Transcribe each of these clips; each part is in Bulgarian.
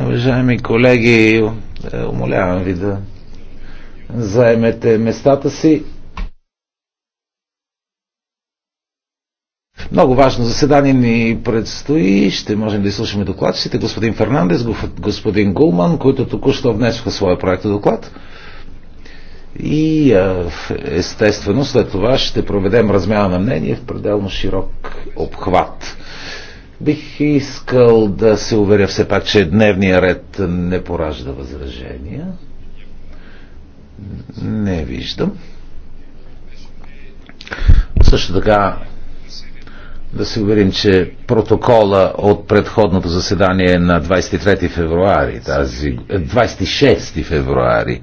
Уважаеми колеги, умолявам ви да заемете местата си. Много важно заседание ни предстои. Ще можем да изслушаме докладчите. господин Фернандес, господин Гулман, които току-що внесоха своя проект доклад и естествено след това ще проведем размяна на мнение в пределно широк обхват. Бих искал да се уверя все пак, че дневния ред не поражда възражения. Не виждам. Също така да се уверим, че протокола от предходното заседание на 23 февруари, тази 26 февруари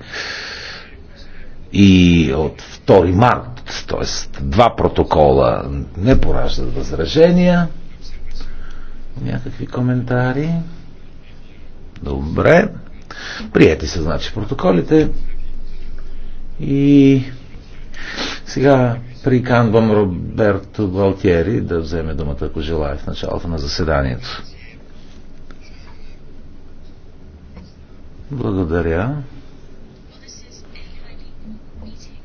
и от 2 март, т.е. два протокола не пораждат възражения. Някакви коментари? Добре. Прияти са, значи, протоколите. И сега приканвам Роберто Галтиери да вземе думата, ако желая, в началото на заседанието. Благодаря.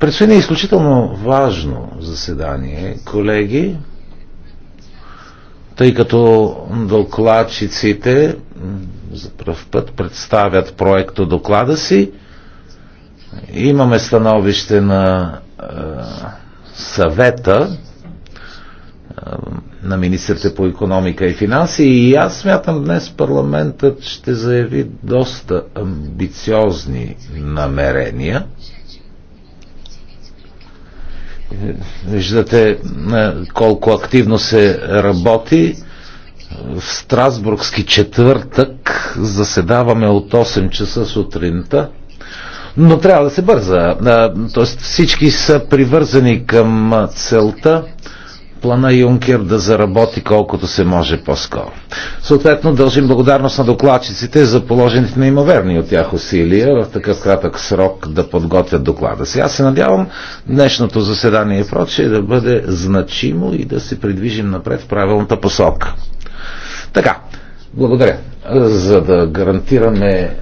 Предстои е изключително важно заседание, колеги, тъй като докладчиците за пръв път представят проекто доклада си. Имаме становище на е, съвета е, на министрите по економика и финанси и аз смятам днес парламентът ще заяви доста амбициозни намерения – Виждате е, колко активно се работи. В Страсбургски четвъртък заседаваме от 8 часа сутринта. Но трябва да се бърза. Е, тоест всички са привързани към е, целта плана Юнкер да заработи колкото се може по-скоро. Съответно, дължим благодарност на докладчиците за положените неимоверни от тях усилия в такъв кратък срок да подготвят доклада си. Аз се надявам днешното заседание и прочее да бъде значимо и да се придвижим напред в правилната посока. Така, благодаря. За да гарантираме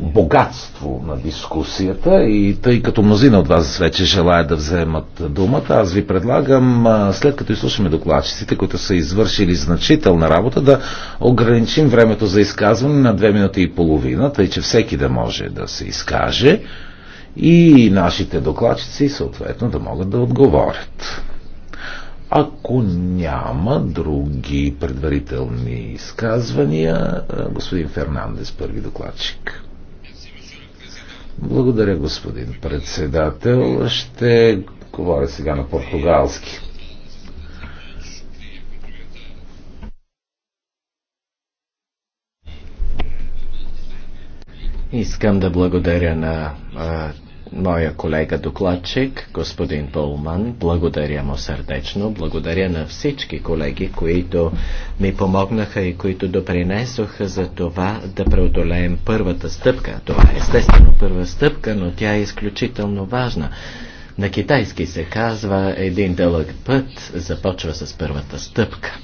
богатство на дискусията и тъй като мнозина от вас вече желая да вземат думата, аз ви предлагам, след като изслушаме докладчиците, които са извършили значителна работа, да ограничим времето за изказване на две минути и половина, тъй че всеки да може да се изкаже и нашите докладчици съответно да могат да отговорят. Ако няма други предварителни изказвания, господин Фернандес, първи докладчик. Благодаря, господин председател. Ще говоря сега на португалски. Искам да благодаря на моя колега докладчик, господин Болман. Благодаря му сърдечно. Благодаря на всички колеги, които ми помогнаха и които допринесоха за това да преодолеем първата стъпка. Това е естествено първа стъпка, но тя е изключително важна. На китайски се казва един дълъг път започва с първата стъпка.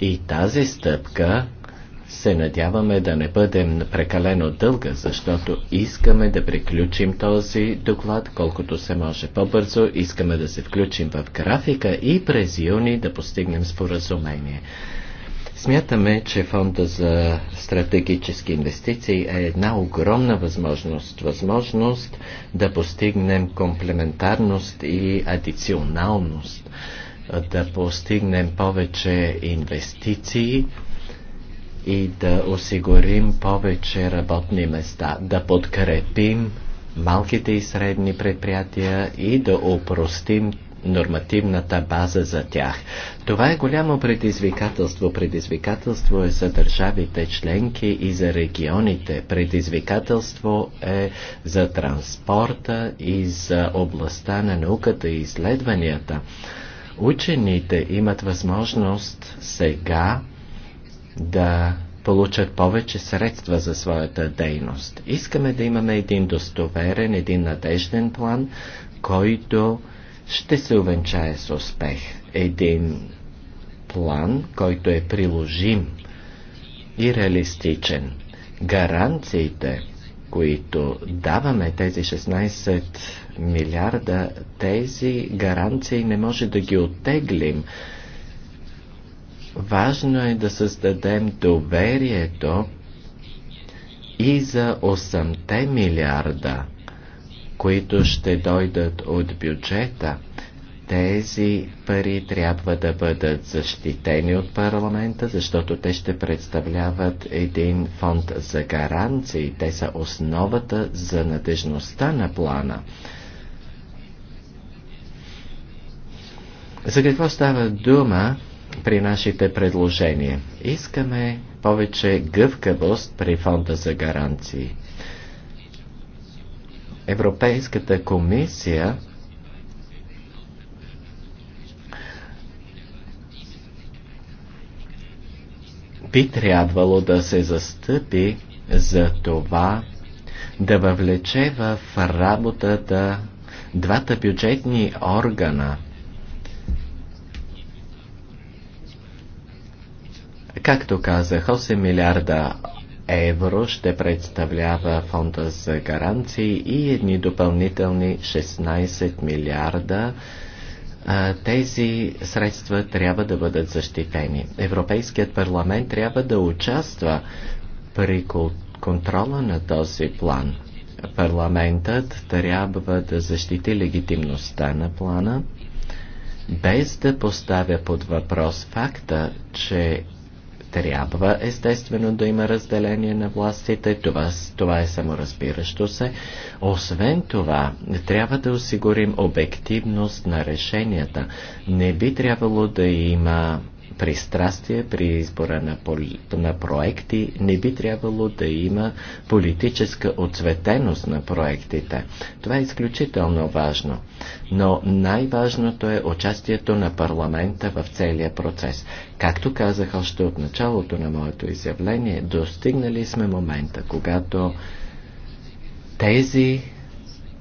И тази стъпка се надяваме да не бъдем прекалено дълга, защото искаме да приключим този доклад колкото се може по-бързо, искаме да се включим в графика и през юни да постигнем споразумение. Смятаме, че фонда за стратегически инвестиции е една огромна възможност, възможност да постигнем комплементарност и адиционалност, да постигнем повече инвестиции, и да осигурим повече работни места, да подкрепим малките и средни предприятия и да опростим нормативната база за тях. Това е голямо предизвикателство. Предизвикателство е за държавите членки и за регионите. Предизвикателство е за транспорта и за областта на науката и изследванията. Учените имат възможност сега да получат повече средства за своята дейност. Искаме да имаме един достоверен, един надежден план, който ще се увенчае с успех. Един план, който е приложим и реалистичен. Гаранциите, които даваме тези 16 милиарда, тези гаранции не може да ги оттеглим. Важно е да създадем доверието и за 8 милиарда, които ще дойдат от бюджета. Тези пари трябва да бъдат защитени от парламента, защото те ще представляват един фонд за гаранции. Те са основата за надежността на плана. За какво става дума? при нашите предложения. Искаме повече гъвкавост при фонда за гаранции. Европейската комисия би трябвало да се застъпи за това да въвлече в работата двата бюджетни органа – Както казах, 8 милиарда евро ще представлява фонда за гаранции и едни допълнителни 16 милиарда. Тези средства трябва да бъдат защитени. Европейският парламент трябва да участва при контрола на този план. Парламентът трябва да защити легитимността на плана, без да поставя под въпрос факта, че трябва естествено да има разделение на властите, това, това е саморазбиращо се. Освен това, трябва да осигурим обективност на решенията. Не би трябвало да има пристрастие при избора на, поли, на проекти, не би трябвало да има политическа отцветеност на проектите. Това е изключително важно. Но най-важното е участието на парламента в целия процес. Както казах още от началото на моето изявление, достигнали сме момента, когато тези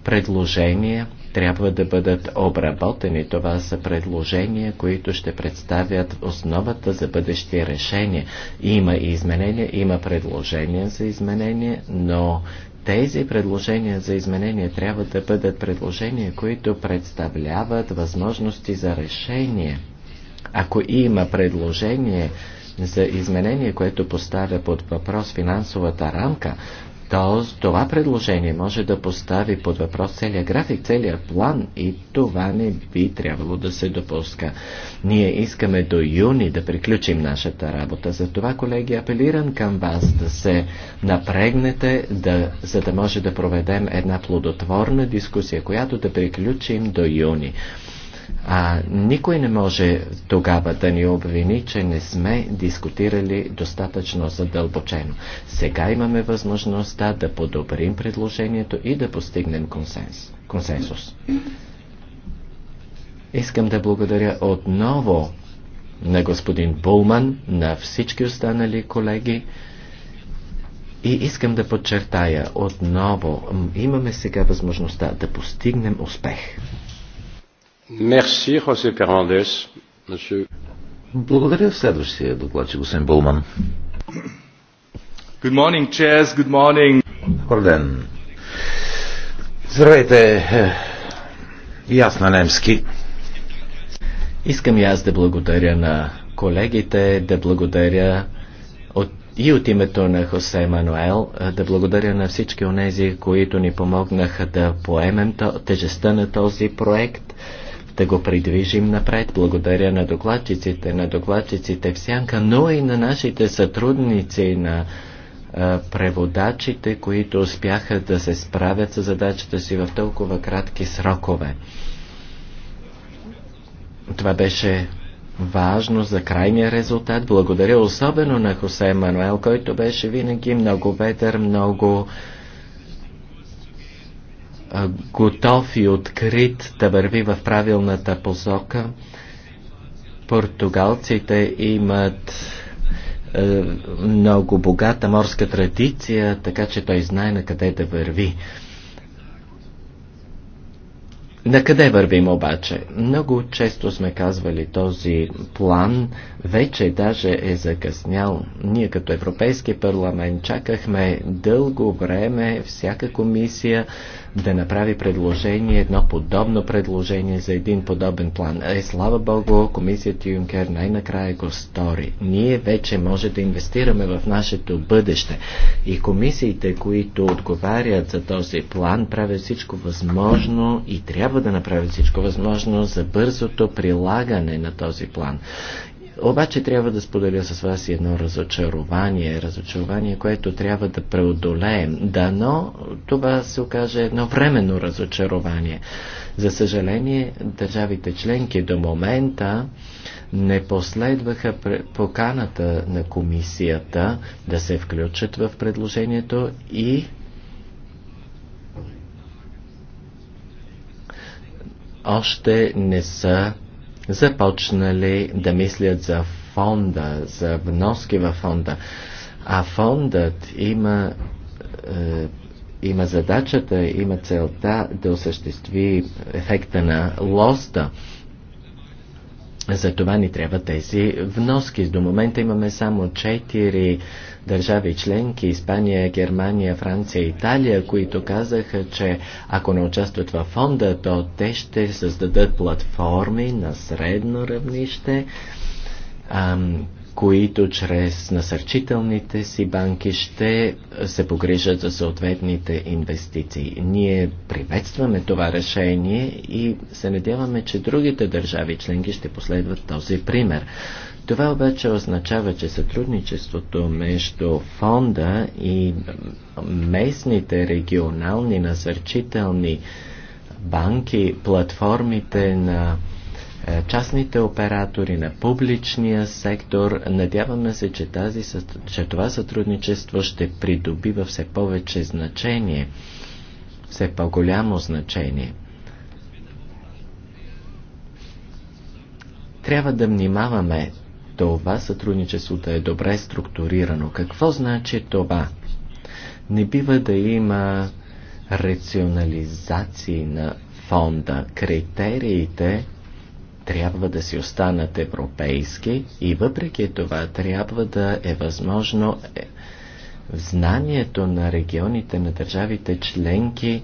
предложения трябва да бъдат обработени. Това са предложения, които ще представят основата за бъдещи решения. Има и изменения, има предложения за изменения, но тези предложения за изменение трябва да бъдат предложения, които представляват възможности за решение. Ако има предложение за изменение, което поставя под въпрос финансовата рамка, Тоест, това предложение може да постави под въпрос целият график, целият план и това не би трябвало да се допуска. Ние искаме до юни да приключим нашата работа. За това, колеги, апелирам към вас да се напрегнете, да, за да може да проведем една плодотворна дискусия, която да приключим до юни. А никой не може тогава да ни обвини, че не сме дискутирали достатъчно задълбочено. Сега имаме възможността да подобрим предложението и да постигнем консенс, консенсус. Искам да благодаря отново на господин Булман, на всички останали колеги. И искам да подчертая отново, имаме сега възможността да постигнем успех. Мерси, Хосе Фернандес. Благодаря. Следващия доклад, че господин Булман. Good morning, Good morning. Добър ден. Здравейте. И аз на немски. Искам и аз да благодаря на колегите, да благодаря от, и от името на Хосе Мануел, да благодаря на всички онези, които ни помогнаха да поемем тежестта на този проект да го придвижим напред. Благодаря на докладчиците, на докладчиците в сянка, но и на нашите сътрудници, на а, преводачите, които успяха да се справят с задачата си в толкова кратки срокове. Това беше важно за крайния резултат. Благодаря особено на Хосе Мануел, който беше винаги много ведър, много готов и открит да върви в правилната посока. Португалците имат много богата морска традиция, така че той знае на къде да върви. На къде вървим обаче? Много често сме казвали този план, вече даже е закъснял. Ние като Европейски парламент чакахме дълго време всяка комисия да направи предложение, едно подобно предложение за един подобен план. Е, слава Богу, комисията Юнкер най-накрая го стори. Ние вече може да инвестираме в нашето бъдеще. И комисиите, които отговарят за този план, правят всичко възможно и трябва да направят всичко възможно за бързото прилагане на този план. Обаче трябва да споделя с вас едно разочарование, разочарование, което трябва да преодолеем. Дано това се окаже едно временно разочарование. За съжаление, държавите членки до момента не последваха поканата на комисията да се включат в предложението и още не са започнали да мислят за фонда, за вноски във фонда. А фондът има, е, има задачата, има целта да осъществи ефекта на лоста. За това ни трябва тези вноски. До момента имаме само 4 държави членки Испания, Германия, Франция, Италия, които казаха, че ако не участват във фонда, то те ще създадат платформи на средно равнище, които чрез насърчителните си банки ще се погрижат за съответните инвестиции. Ние приветстваме това решение и се надяваме, че другите държави членки ще последват този пример. Това обаче означава, че сътрудничеството между фонда и местните регионални насърчителни банки, платформите на е, частните оператори, на публичния сектор. Надяваме се, че, тази, че това сътрудничество ще придобива все повече значение, все по-голямо значение. Трябва да внимаваме това сътрудничество да е добре структурирано. Какво значи това? Не бива да има рационализации на фонда. Критериите трябва да си останат европейски и въпреки това трябва да е възможно е, знанието на регионите, на държавите членки, е,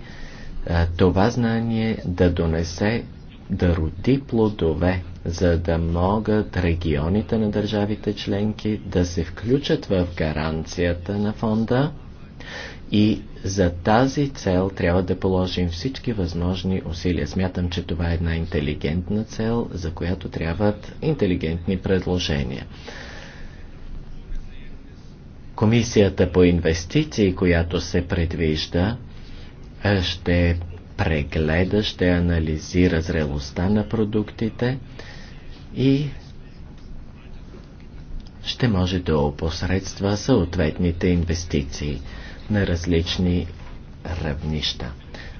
това знание да донесе, да роди плодове, за да могат регионите на държавите членки да се включат в гаранцията на фонда и за тази цел трябва да положим всички възможни усилия. Смятам, че това е една интелигентна цел, за която трябват интелигентни предложения. Комисията по инвестиции, която се предвижда, ще прегледа, ще анализира зрелостта на продуктите и ще може да опосредства съответните инвестиции на различни равнища.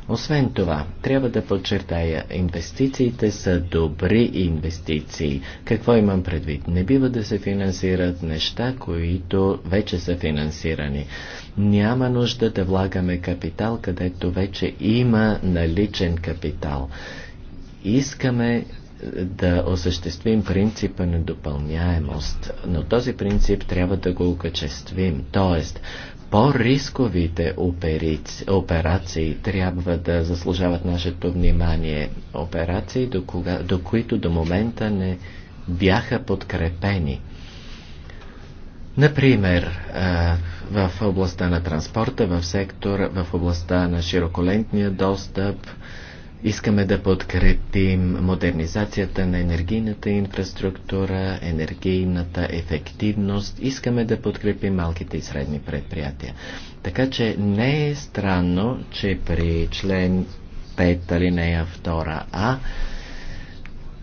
Освен това, трябва да подчертая, инвестициите са добри инвестиции. Какво имам предвид? Не бива да се финансират неща, които вече са финансирани. Няма нужда да влагаме капитал, където вече има наличен капитал. Искаме е, да осъществим принципа на допълняемост, но този принцип трябва да го окачествим. Тоест, по-рисковите операции трябва да заслужават нашето внимание. Операции, до, кога, до които до момента не бяха подкрепени. Например, в областта на транспорта, в сектор, в областта на широколентния достъп, Искаме да подкрепим модернизацията на енергийната инфраструктура, енергийната ефективност. Искаме да подкрепим малките и средни предприятия. Така че не е странно, че при член 5 алинея 2а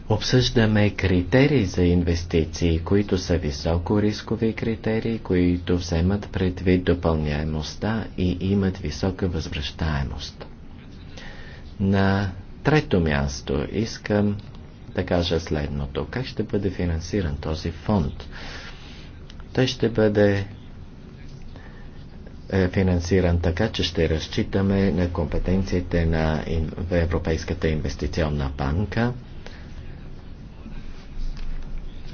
обсъждаме критерии за инвестиции, които са високо рискови критерии, които вземат предвид допълняемостта и имат висока възвръщаемост. На трето място искам да кажа следното. Как ще бъде финансиран този фонд? Той ще бъде е, финансиран така, че ще разчитаме на компетенциите на Европейската инвестиционна банка.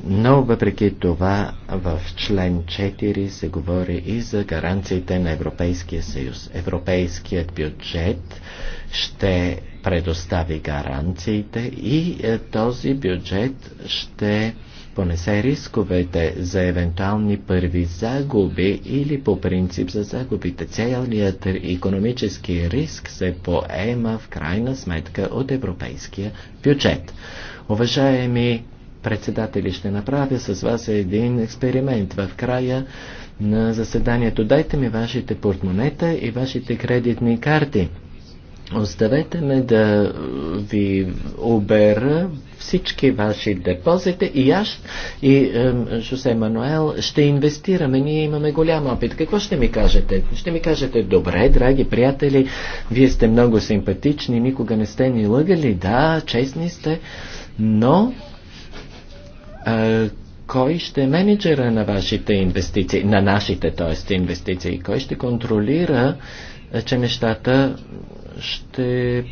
Но въпреки това в член 4 се говори и за гаранциите на Европейския съюз. Европейският бюджет ще предостави гаранциите и е, този бюджет ще понесе рисковете за евентуални първи загуби или по принцип за загубите. Целият економически риск се поема в крайна сметка от европейския бюджет. Уважаеми председатели, ще направя с вас един експеримент в края на заседанието. Дайте ми вашите портмонета и вашите кредитни карти. Оставете ме да ви обера всички ваши депозити и аз и е, Жосе Мануел ще инвестираме. Ние имаме голям опит. Какво ще ми кажете? Ще ми кажете, добре, драги приятели, вие сте много симпатични, никога не сте ни лъгали, да, честни сте, но кой ще е менеджера на вашите инвестиции, на нашите, т.е. инвестиции, кой ще контролира, че нещата ще,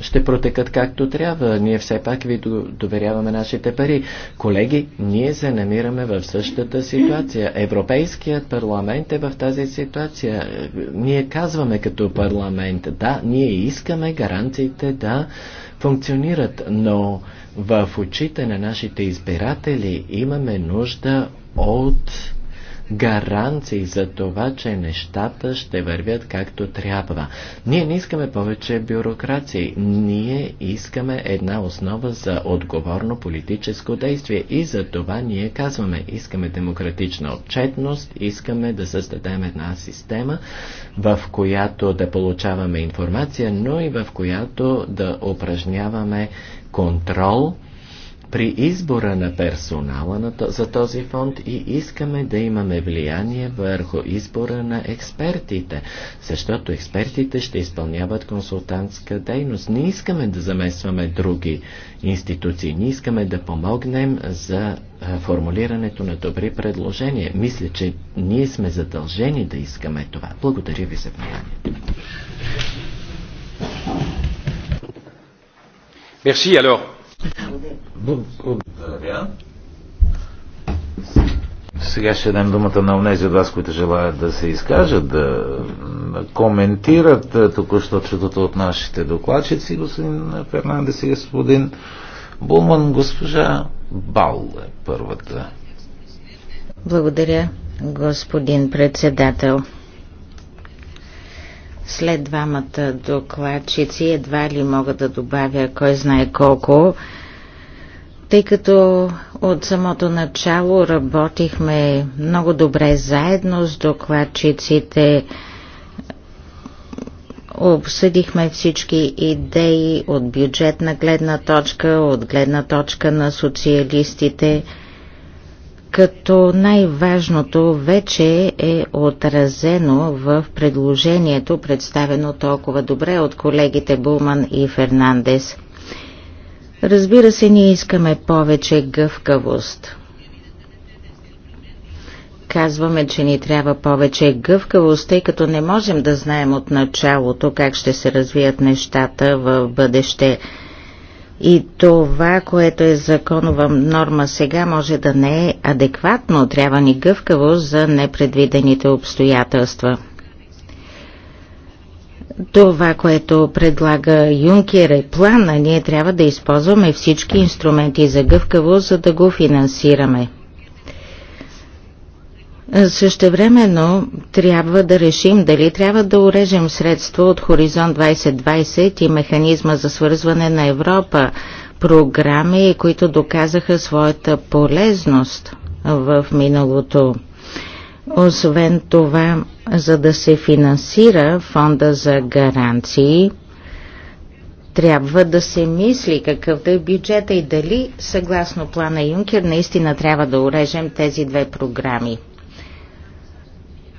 ще протекат както трябва. Ние все пак ви доверяваме нашите пари. Колеги, ние се намираме в същата ситуация. Европейският парламент е в тази ситуация. Ние казваме като парламент, да, ние искаме гаранциите да функционират, но в очите на нашите избиратели имаме нужда от гаранции за това, че нещата ще вървят както трябва. Ние не искаме повече бюрокрации. Ние искаме една основа за отговорно политическо действие. И за това ние казваме, искаме демократична отчетност, искаме да създадем една система, в която да получаваме информация, но и в която да упражняваме контрол при избора на персонала за този фонд и искаме да имаме влияние върху избора на експертите, защото експертите ще изпълняват консултантска дейност. Не искаме да замесваме други институции, не искаме да помогнем за формулирането на добри предложения. Мисля, че ние сме задължени да искаме това. Благодаря ви за вниманието. Merci. Alors. Сега ще дадем думата на унези от вас, които желаят да се изкажат, да коментират е, току-що чудото от нашите докладчици, господин Фернандес и господин Булман, госпожа Бал е първата. Благодаря, господин председател. След двамата докладчици едва ли мога да добавя кой знае колко, тъй като от самото начало работихме много добре заедно с докладчиците, обсъдихме всички идеи от бюджетна гледна точка, от гледна точка на социалистите – като най-важното вече е отразено в предложението, представено толкова добре от колегите Булман и Фернандес. Разбира се, ние искаме повече гъвкавост. Казваме, че ни трябва повече гъвкавост, тъй като не можем да знаем от началото как ще се развият нещата в бъдеще – и това, което е законова норма сега, може да не е адекватно. Трябва ни гъвкаво за непредвидените обстоятелства. Това, което предлага Юнкер е плана, ние трябва да използваме всички инструменти за гъвкаво, за да го финансираме. Същевременно трябва да решим дали трябва да урежем средства от Хоризонт 2020 и механизма за свързване на Европа, програми, които доказаха своята полезност в миналото. Освен това, за да се финансира фонда за гаранции, трябва да се мисли какъв да е бюджета и дали, съгласно плана Юнкер, наистина трябва да урежем тези две програми.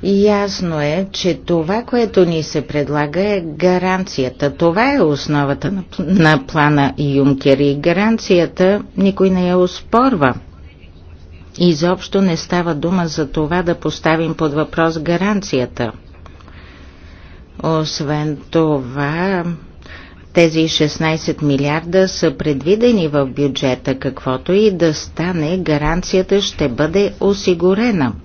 Ясно е, че това, което ни се предлага е гаранцията. Това е основата на, на плана Юнкер и гаранцията никой не я успорва. Изобщо не става дума за това да поставим под въпрос гаранцията. Освен това, тези 16 милиарда са предвидени в бюджета, каквото и да стане, гаранцията ще бъде осигурена –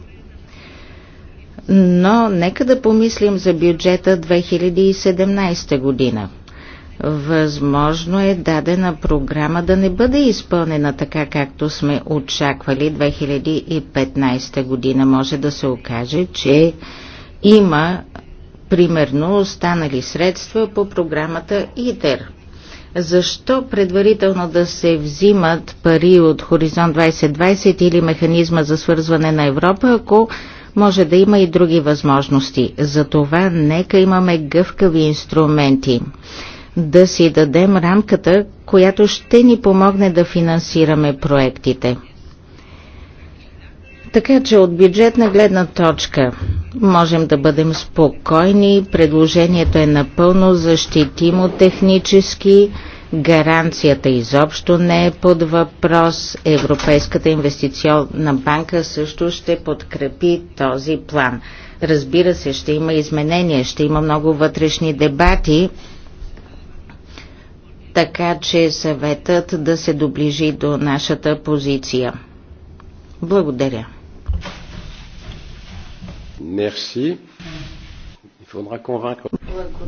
но нека да помислим за бюджета 2017 година. Възможно е дадена програма да не бъде изпълнена така, както сме очаквали 2015 година. Може да се окаже, че има примерно останали средства по програмата ИТЕР. Защо предварително да се взимат пари от Хоризонт 2020 или механизма за свързване на Европа, ако може да има и други възможности. Затова нека имаме гъвкави инструменти. Да си дадем рамката, която ще ни помогне да финансираме проектите. Така че от бюджетна гледна точка можем да бъдем спокойни, предложението е напълно защитимо технически, Гаранцията изобщо не е под въпрос. Европейската инвестиционна банка също ще подкрепи този план. Разбира се, ще има изменения, ще има много вътрешни дебати, така че съветът да се доближи до нашата позиция. Благодаря.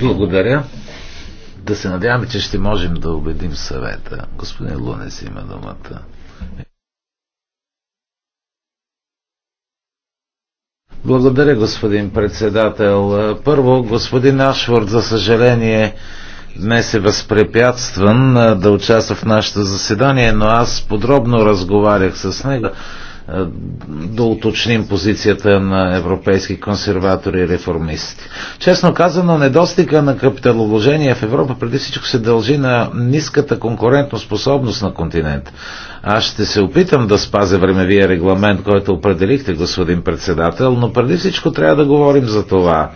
Благодаря. Да се надяваме, че ще можем да убедим съвета. Господин Лунес има думата. Благодаря, господин председател. Първо, господин Ашворд, за съжаление, днес е възпрепятстван да участва в нашето заседание, но аз подробно разговарях с него да уточним позицията на европейски консерватори и реформисти. Честно казано, недостига на капиталовложение в Европа преди всичко се дължи на ниската конкурентно способност на континент. Аз ще се опитам да спазя времевия регламент, който определихте, господин председател, но преди всичко трябва да говорим за това.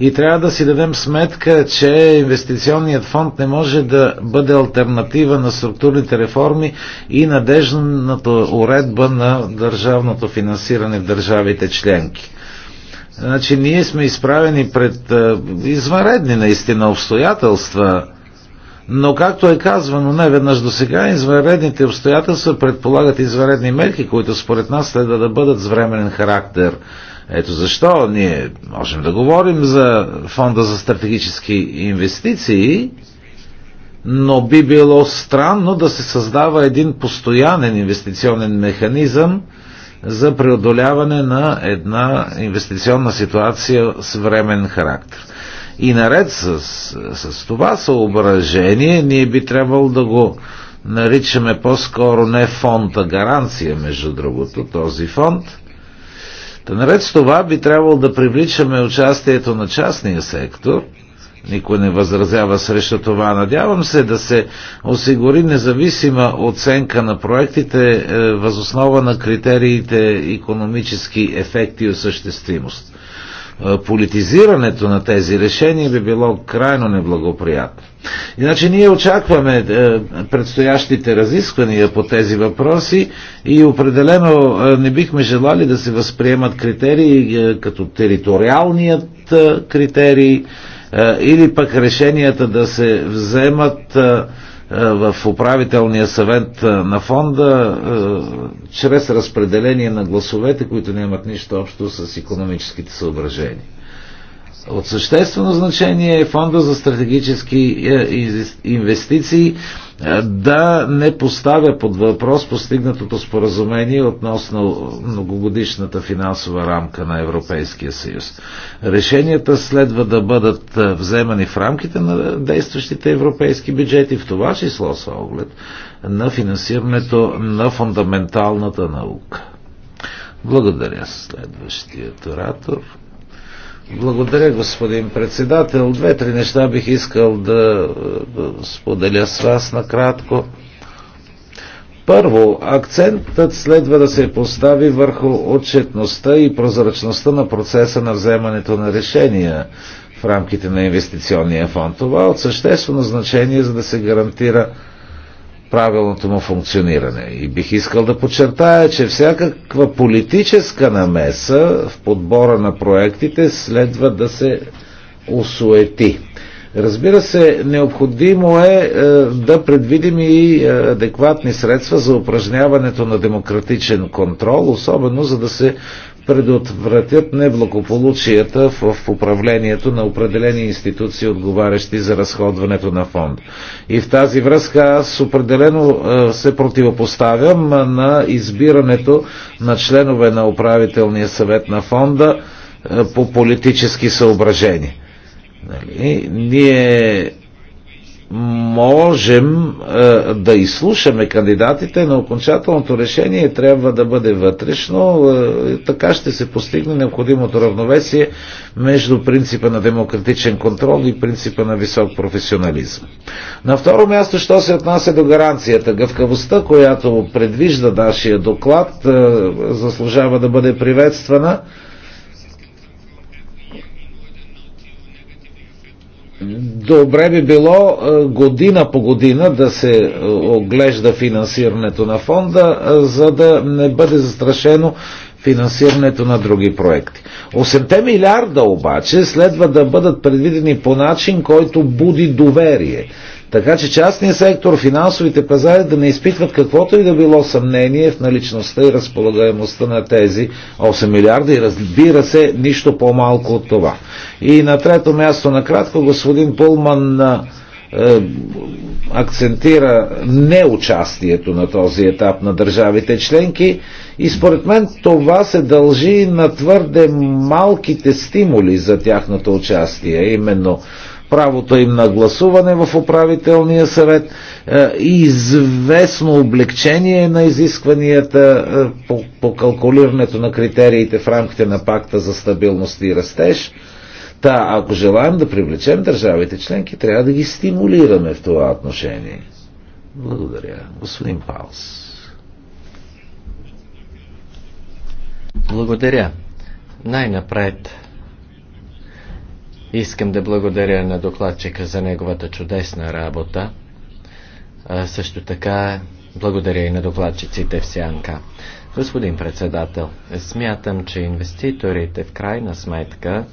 И трябва да си дадем сметка, че инвестиционният фонд не може да бъде альтернатива на структурните реформи и надежната уредба на държавата държавното финансиране в държавите членки. Значи ние сме изправени пред извънредни наистина обстоятелства, но както е казвано не веднъж до сега, извънредните обстоятелства предполагат извънредни мерки, които според нас следва да бъдат с временен характер. Ето защо ние можем да говорим за фонда за стратегически инвестиции, но би било странно да се създава един постоянен инвестиционен механизъм, за преодоляване на една инвестиционна ситуация с времен характер. И наред с, с това съображение, ние би трябвало да го наричаме по-скоро не фонд, а гаранция, между другото, този фонд. Та наред с това би трябвало да привличаме участието на частния сектор – никой не възразява срещу това. Надявам се да се осигури независима оценка на проектите е, възоснова на критериите економически ефекти и осъществимост. Е, политизирането на тези решения би било крайно неблагоприятно. Иначе ние очакваме е, предстоящите разисквания по тези въпроси и определено не бихме желали да се възприемат критерии като териториалният критерий, е, или пък решенията да се вземат е, е, в управителния съвет на фонда чрез разпределение на гласовете, които нямат нищо общо с економическите съображения. От съществено значение е фонда за стратегически е, инвестиции е, да не поставя под въпрос постигнатото споразумение относно многогодишната финансова рамка на Европейския съюз. Решенията следва да бъдат е, вземани в рамките на действащите европейски бюджети, в това число с оглед на финансирането на фундаменталната наука. Благодаря следващият оратор. Благодаря, господин председател. Две-три неща бих искал да споделя с вас накратко. Първо, акцентът следва да се постави върху отчетността и прозрачността на процеса на вземането на решения в рамките на инвестиционния фонд. Това е от съществено значение, за да се гарантира правилното му функциониране. И бих искал да подчертая, че всякаква политическа намеса в подбора на проектите следва да се осуети. Разбира се, необходимо е, е да предвидим и е, адекватни средства за упражняването на демократичен контрол, особено за да се предотвратят неблагополучията в управлението на определени институции, отговарящи за разходването на фонд. И в тази връзка аз определено е, се противопоставям на избирането на членове на управителния съвет на фонда е, по политически съображения. Нали? Ние можем е, да изслушаме кандидатите, но окончателното решение трябва да бъде вътрешно. Е, така ще се постигне необходимото равновесие между принципа на демократичен контрол и принципа на висок професионализъм. На второ място, що се отнася до гаранцията, гъвкавостта, която предвижда нашия доклад, е, заслужава да бъде приветствана добре би било е, година по година да се е, оглежда финансирането на фонда, е, за да не бъде застрашено финансирането на други проекти. 8 милиарда обаче следва да бъдат предвидени по начин, който буди доверие. Така че частният сектор, финансовите пазари да не изпитват каквото и да било съмнение в наличността и разполагаемостта на тези 8 милиарда и разбира се, нищо по-малко от това. И на трето място, накратко, господин Пулман е, акцентира неучастието на този етап на държавите членки и според мен това се дължи на твърде малките стимули за тяхното участие, именно правото им на гласуване в управителния съвет е, и известно облегчение на изискванията е, по, по калкулирането на критериите в рамките на пакта за стабилност и растеж. Та, ако желаем да привлечем държавите членки, трябва да ги стимулираме в това отношение. Благодаря. Господин Паус. Благодаря. Най-напред Искам да благодаря на докладчика за неговата чудесна работа. А, също така благодаря и на докладчиците в Сянка. Господин председател, смятам, че инвеститорите в крайна сметка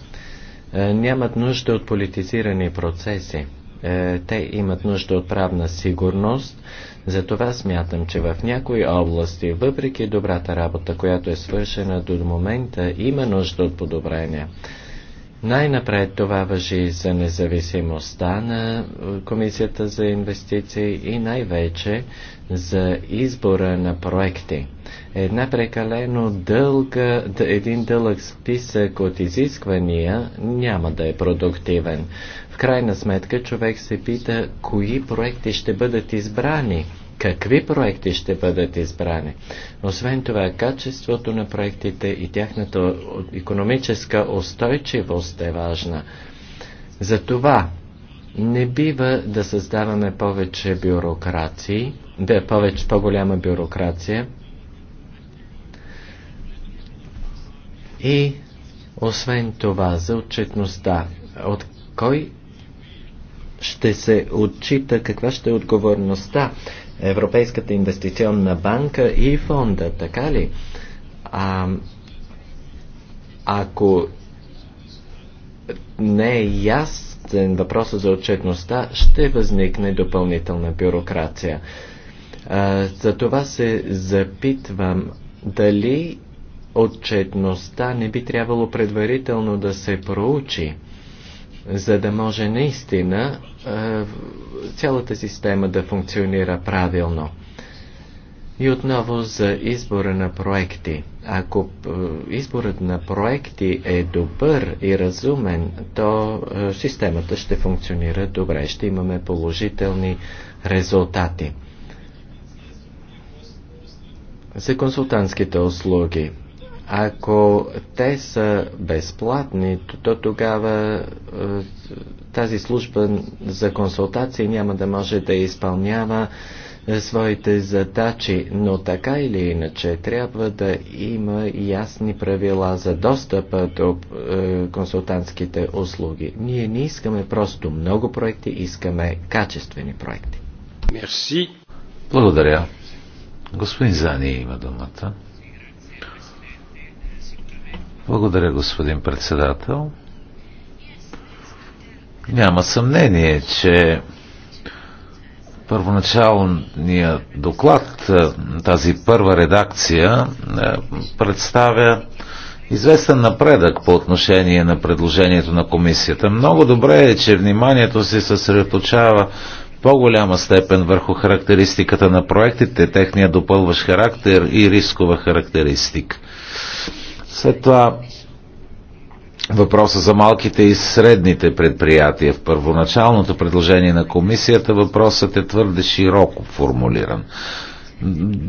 е, нямат нужда от политизирани процеси. Е, те имат нужда от правна сигурност, затова смятам, че в някои области, въпреки добрата работа, която е свършена до момента, има нужда от подобрения. Най-напред това въжи за независимостта на Комисията за инвестиции и най-вече за избора на проекти. Една прекалено дълга, един дълъг списък от изисквания няма да е продуктивен. В крайна сметка човек се пита кои проекти ще бъдат избрани какви проекти ще бъдат избрани. Освен това, качеството на проектите и тяхната економическа устойчивост е важна. Затова не бива да създаваме повече бюрокрации, да повече по-голяма бюрокрация. И освен това, за отчетността, от кой ще се отчита, каква ще е отговорността Европейската инвестиционна банка и фонда, така ли? А, ако не е ясен въпроса за отчетността, ще възникне допълнителна бюрокрация. А, за това се запитвам дали отчетността не би трябвало предварително да се проучи, за да може наистина е, цялата система да функционира правилно. И отново за избора на проекти. Ако е, изборът на проекти е добър и разумен, то е, системата ще функционира добре, ще имаме положителни резултати. За консултантските услуги. Ако те са безплатни, то тогава тази служба за консултации няма да може да изпълнява е, своите задачи, но така или иначе трябва да има ясни правила за достъпа до е, консултантските услуги. Ние не искаме просто много проекти, искаме качествени проекти. Мерси. Благодаря. Господин Зани има думата. Благодаря, господин председател. Няма съмнение, че първоначалният доклад, е, тази първа редакция, е, представя известен напредък по отношение на предложението на комисията. Много добре е, че вниманието се съсредоточава по-голяма степен върху характеристиката на проектите, техния допълващ характер и рискова характеристика. След това въпроса за малките и средните предприятия. В първоначалното предложение на комисията въпросът е твърде широко формулиран.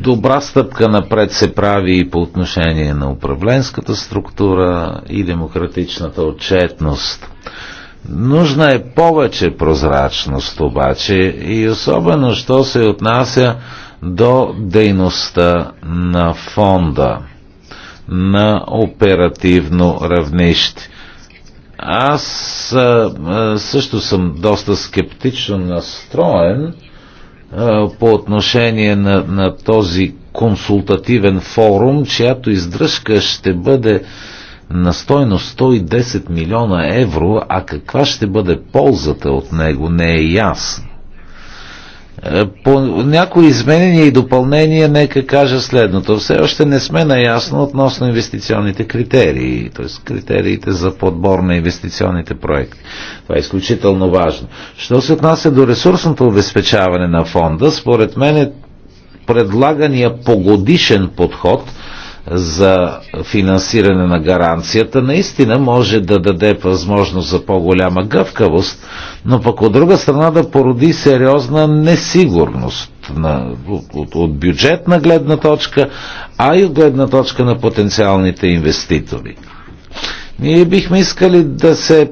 Добра стъпка напред се прави и по отношение на управленската структура и демократичната отчетност. Нужна е повече прозрачност обаче и особено що се отнася до дейността на фонда на оперативно равнище. Аз също съм доста скептично настроен по отношение на, на този консултативен форум, чиято издръжка ще бъде на стойност 110 милиона евро, а каква ще бъде ползата от него не е ясно. Е, по някои изменения и допълнения нека кажа следното. Все още не сме наясно относно инвестиционните критерии, т.е. критериите за подбор на инвестиционните проекти. Това е изключително важно. Що се отнася до ресурсното обезпечаване на фонда, според мен е предлагания погодишен подход – за финансиране на гаранцията, наистина може да даде възможност за по-голяма гъвкавост, но пък от друга страна да породи сериозна несигурност на, от, от бюджетна гледна точка, а и от гледна точка на потенциалните инвеститори. Ние бихме искали да се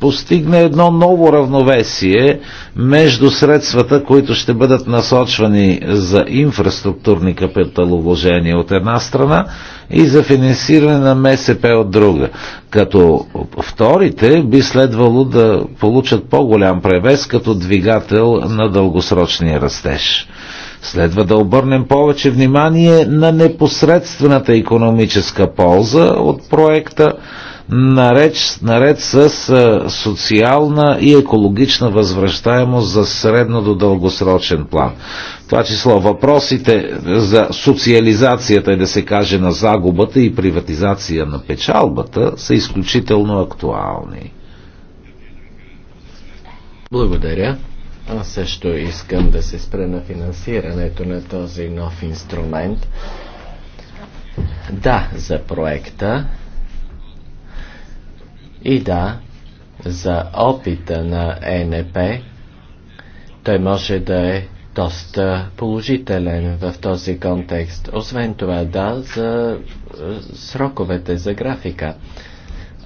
постигне едно ново равновесие между средствата, които ще бъдат насочвани за инфраструктурни капиталовложения от една страна и за финансиране на МСП от друга. Като вторите би следвало да получат по-голям превес като двигател на дългосрочния растеж. Следва да обърнем повече внимание на непосредствената економическа полза от проекта, наред, наред с социална и екологична възвръщаемост за средно до дългосрочен план. това число въпросите за социализацията и да се каже на загубата и приватизация на печалбата са изключително актуални. Благодаря. Аз също искам да се спре на финансирането на този нов инструмент. Да, за проекта и да, за опита на ЕНП, той може да е доста положителен в този контекст. Освен това, да, за е, сроковете, за графика.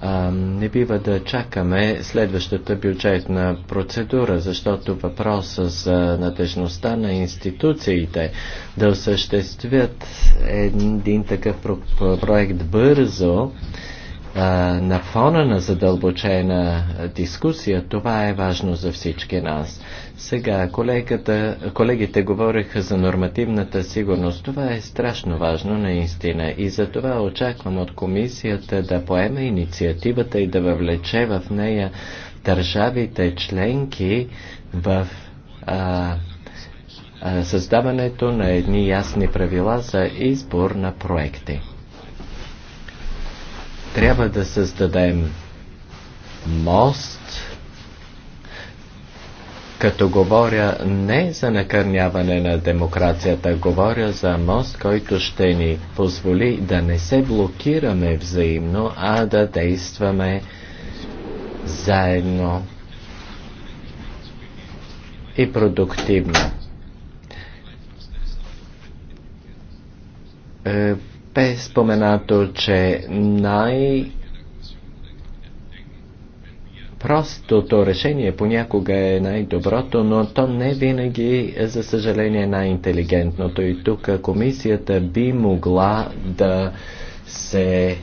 А, не бива да чакаме следващата бюджетна процедура, защото въпроса за надежността на институциите да осъществят един такъв проект бързо на фона на задълбочена дискусия, това е важно за всички нас. Сега, колегата, колегите говориха за нормативната сигурност. Това е страшно важно наистина и за това очаквам от комисията да поеме инициативата и да въвлече в нея държавите членки в а, а, създаването на едни ясни правила за избор на проекти. Трябва да създадем мост, като говоря не за накърняване на демокрацията, говоря за мост, който ще ни позволи да не се блокираме взаимно, а да действаме заедно и продуктивно. Е, бе споменато, че най- Простото решение понякога е най-доброто, но то не винаги, е, за съжаление, най-интелигентното. И тук комисията би могла да се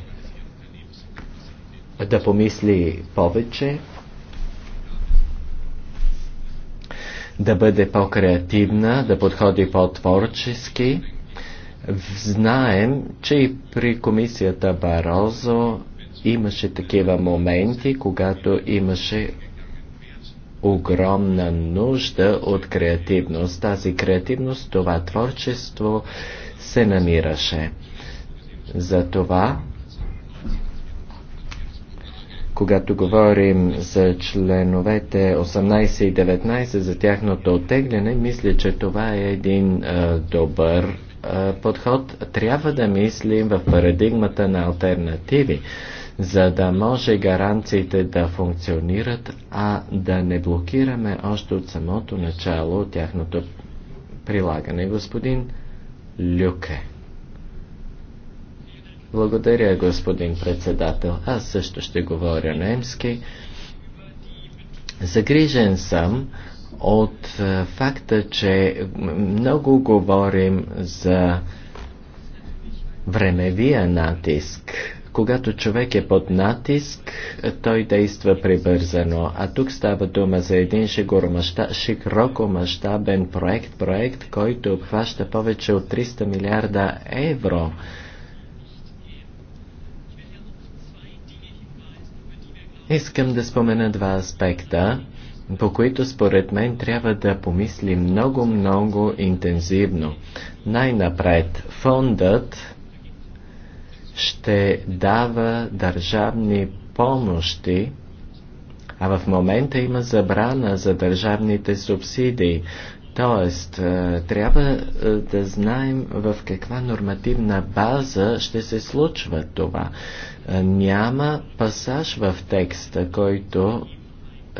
да помисли повече, да бъде по-креативна, да подходи по-творчески. Знаем, че и при комисията Барозо имаше такива моменти, когато имаше огромна нужда от креативност. Тази креативност, това творчество се намираше. Затова, когато говорим за членовете 18 и 19, за тяхното оттегляне, мисля, че това е един а, добър е, подход, трябва да мислим в парадигмата на альтернативи, за да може гаранциите да функционират, а да не блокираме още от самото начало тяхното прилагане. Господин Люке. Благодаря, господин председател. Аз също ще говоря немски. Загрижен съм от е, факта, че много говорим за времевия натиск. Когато човек е под натиск, той действа прибързано, а тук става дума за един широко мащабен проект, проект, който обхваща повече от 300 милиарда евро. Искам да спомена два аспекта, по които според мен трябва да помисли много-много интензивно. Най-напред, фондът ще дава държавни помощи, а в момента има забрана за държавните субсидии. Тоест, е, трябва е, да знаем в каква нормативна база ще се случва това. Е, няма пасаж в текста, който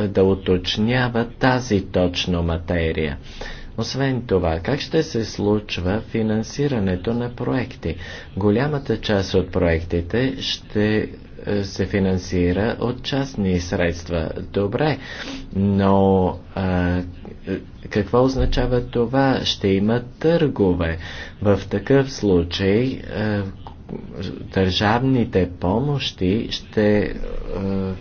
да уточнява тази точно материя. Освен това, как ще се случва финансирането на проекти? Голямата част от проектите ще е, се финансира от частни средства. Добре, но а, какво означава това? Ще има търгове. В такъв случай а, държавните помощи ще а,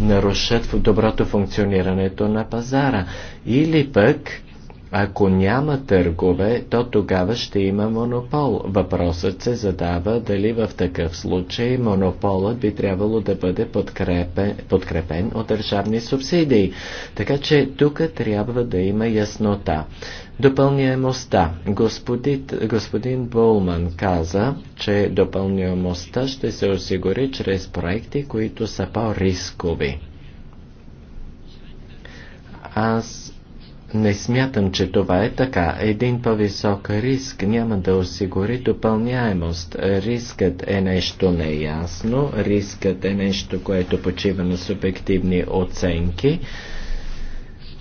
нарушат доброто функционирането на пазара. Или пък, ако няма търгове, то тогава ще има монопол. Въпросът се задава дали в такъв случай монополът би трябвало да бъде подкрепен, подкрепен от държавни субсидии. Така че тук трябва да има яснота. Допълняемостта. Господит, господин Болман каза, че допълняемостта ще се осигури чрез проекти, които са по-рискови. Аз не смятам, че това е така. Един по-висок риск няма да осигури допълняемост. Рискът е нещо неясно, рискът е нещо, което почива на субективни оценки.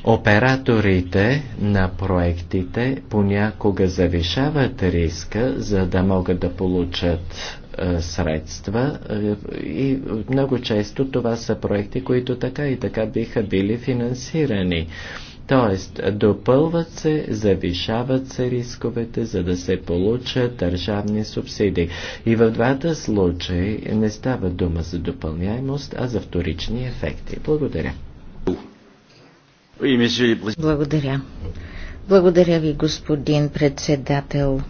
Операторите на проектите понякога завишават риска, за да могат да получат е, средства е, и много често това са проекти, които така и така биха били финансирани. Тоест, допълват се, завишават се рисковете, за да се получат държавни субсидии. И в двата случаи не става дума за допълняемост, а за вторични ефекти. Благодаря. Благодаря. Благодаря ви, господин председател.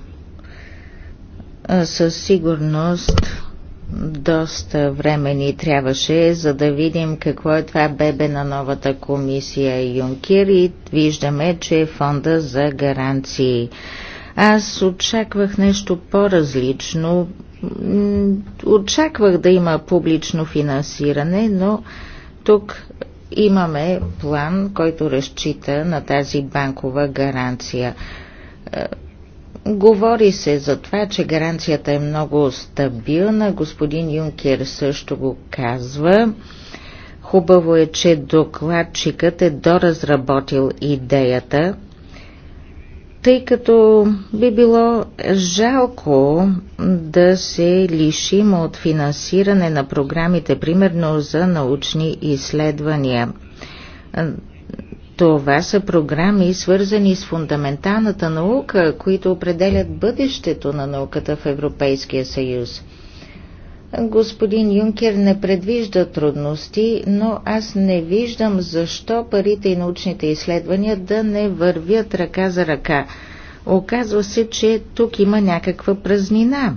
Със сигурност доста време ни трябваше, за да видим какво е това бебе на новата комисия Юнкир и виждаме, че е фонда за гаранции. Аз очаквах нещо по-различно. Очаквах да има публично финансиране, но тук Имаме план, който разчита на тази банкова гаранция. Е, говори се за това, че гаранцията е много стабилна. Господин Юнкер също го казва. Хубаво е, че докладчикът е доразработил идеята тъй като би било жалко да се лишим от финансиране на програмите, примерно за научни изследвания. Това са програми, свързани с фундаменталната наука, които определят бъдещето на науката в Европейския съюз. Господин Юнкер не предвижда трудности, но аз не виждам защо парите и научните изследвания да не вървят ръка за ръка. Оказва се, че тук има някаква празнина.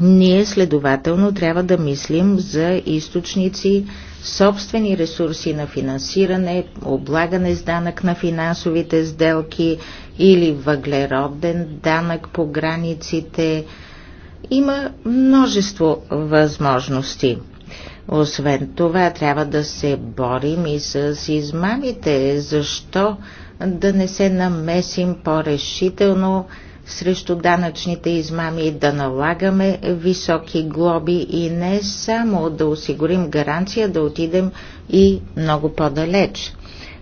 Ние следователно трябва да мислим за източници, собствени ресурси на финансиране, облагане с данък на финансовите сделки или въглероден данък по границите – има множество възможности. Освен това, трябва да се борим и с измамите. Защо да не се намесим по-решително срещу данъчните измами, да налагаме високи глоби и не само да осигурим гаранция, да отидем и много по-далеч.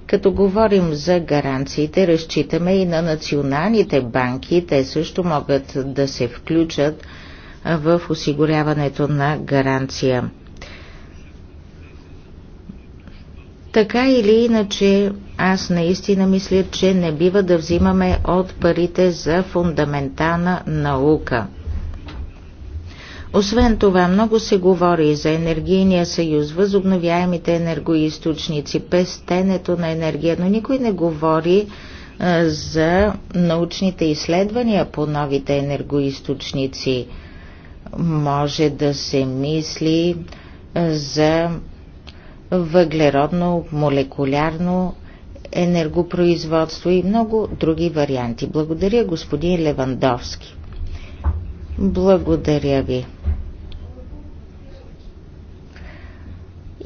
Като говорим за гаранциите, разчитаме и на националните банки, те също могат да се включат – в осигуряването на гаранция. Така или иначе, аз наистина мисля, че не бива да взимаме от парите за фундаментална наука. Освен това, много се говори за енергийния съюз, възобновяемите енергоисточници, пестенето на енергия, но никой не говори за научните изследвания по новите енергоисточници – може да се мисли е, за въглеродно, молекулярно енергопроизводство и много други варианти. Благодаря, господин Левандовски. Благодаря ви.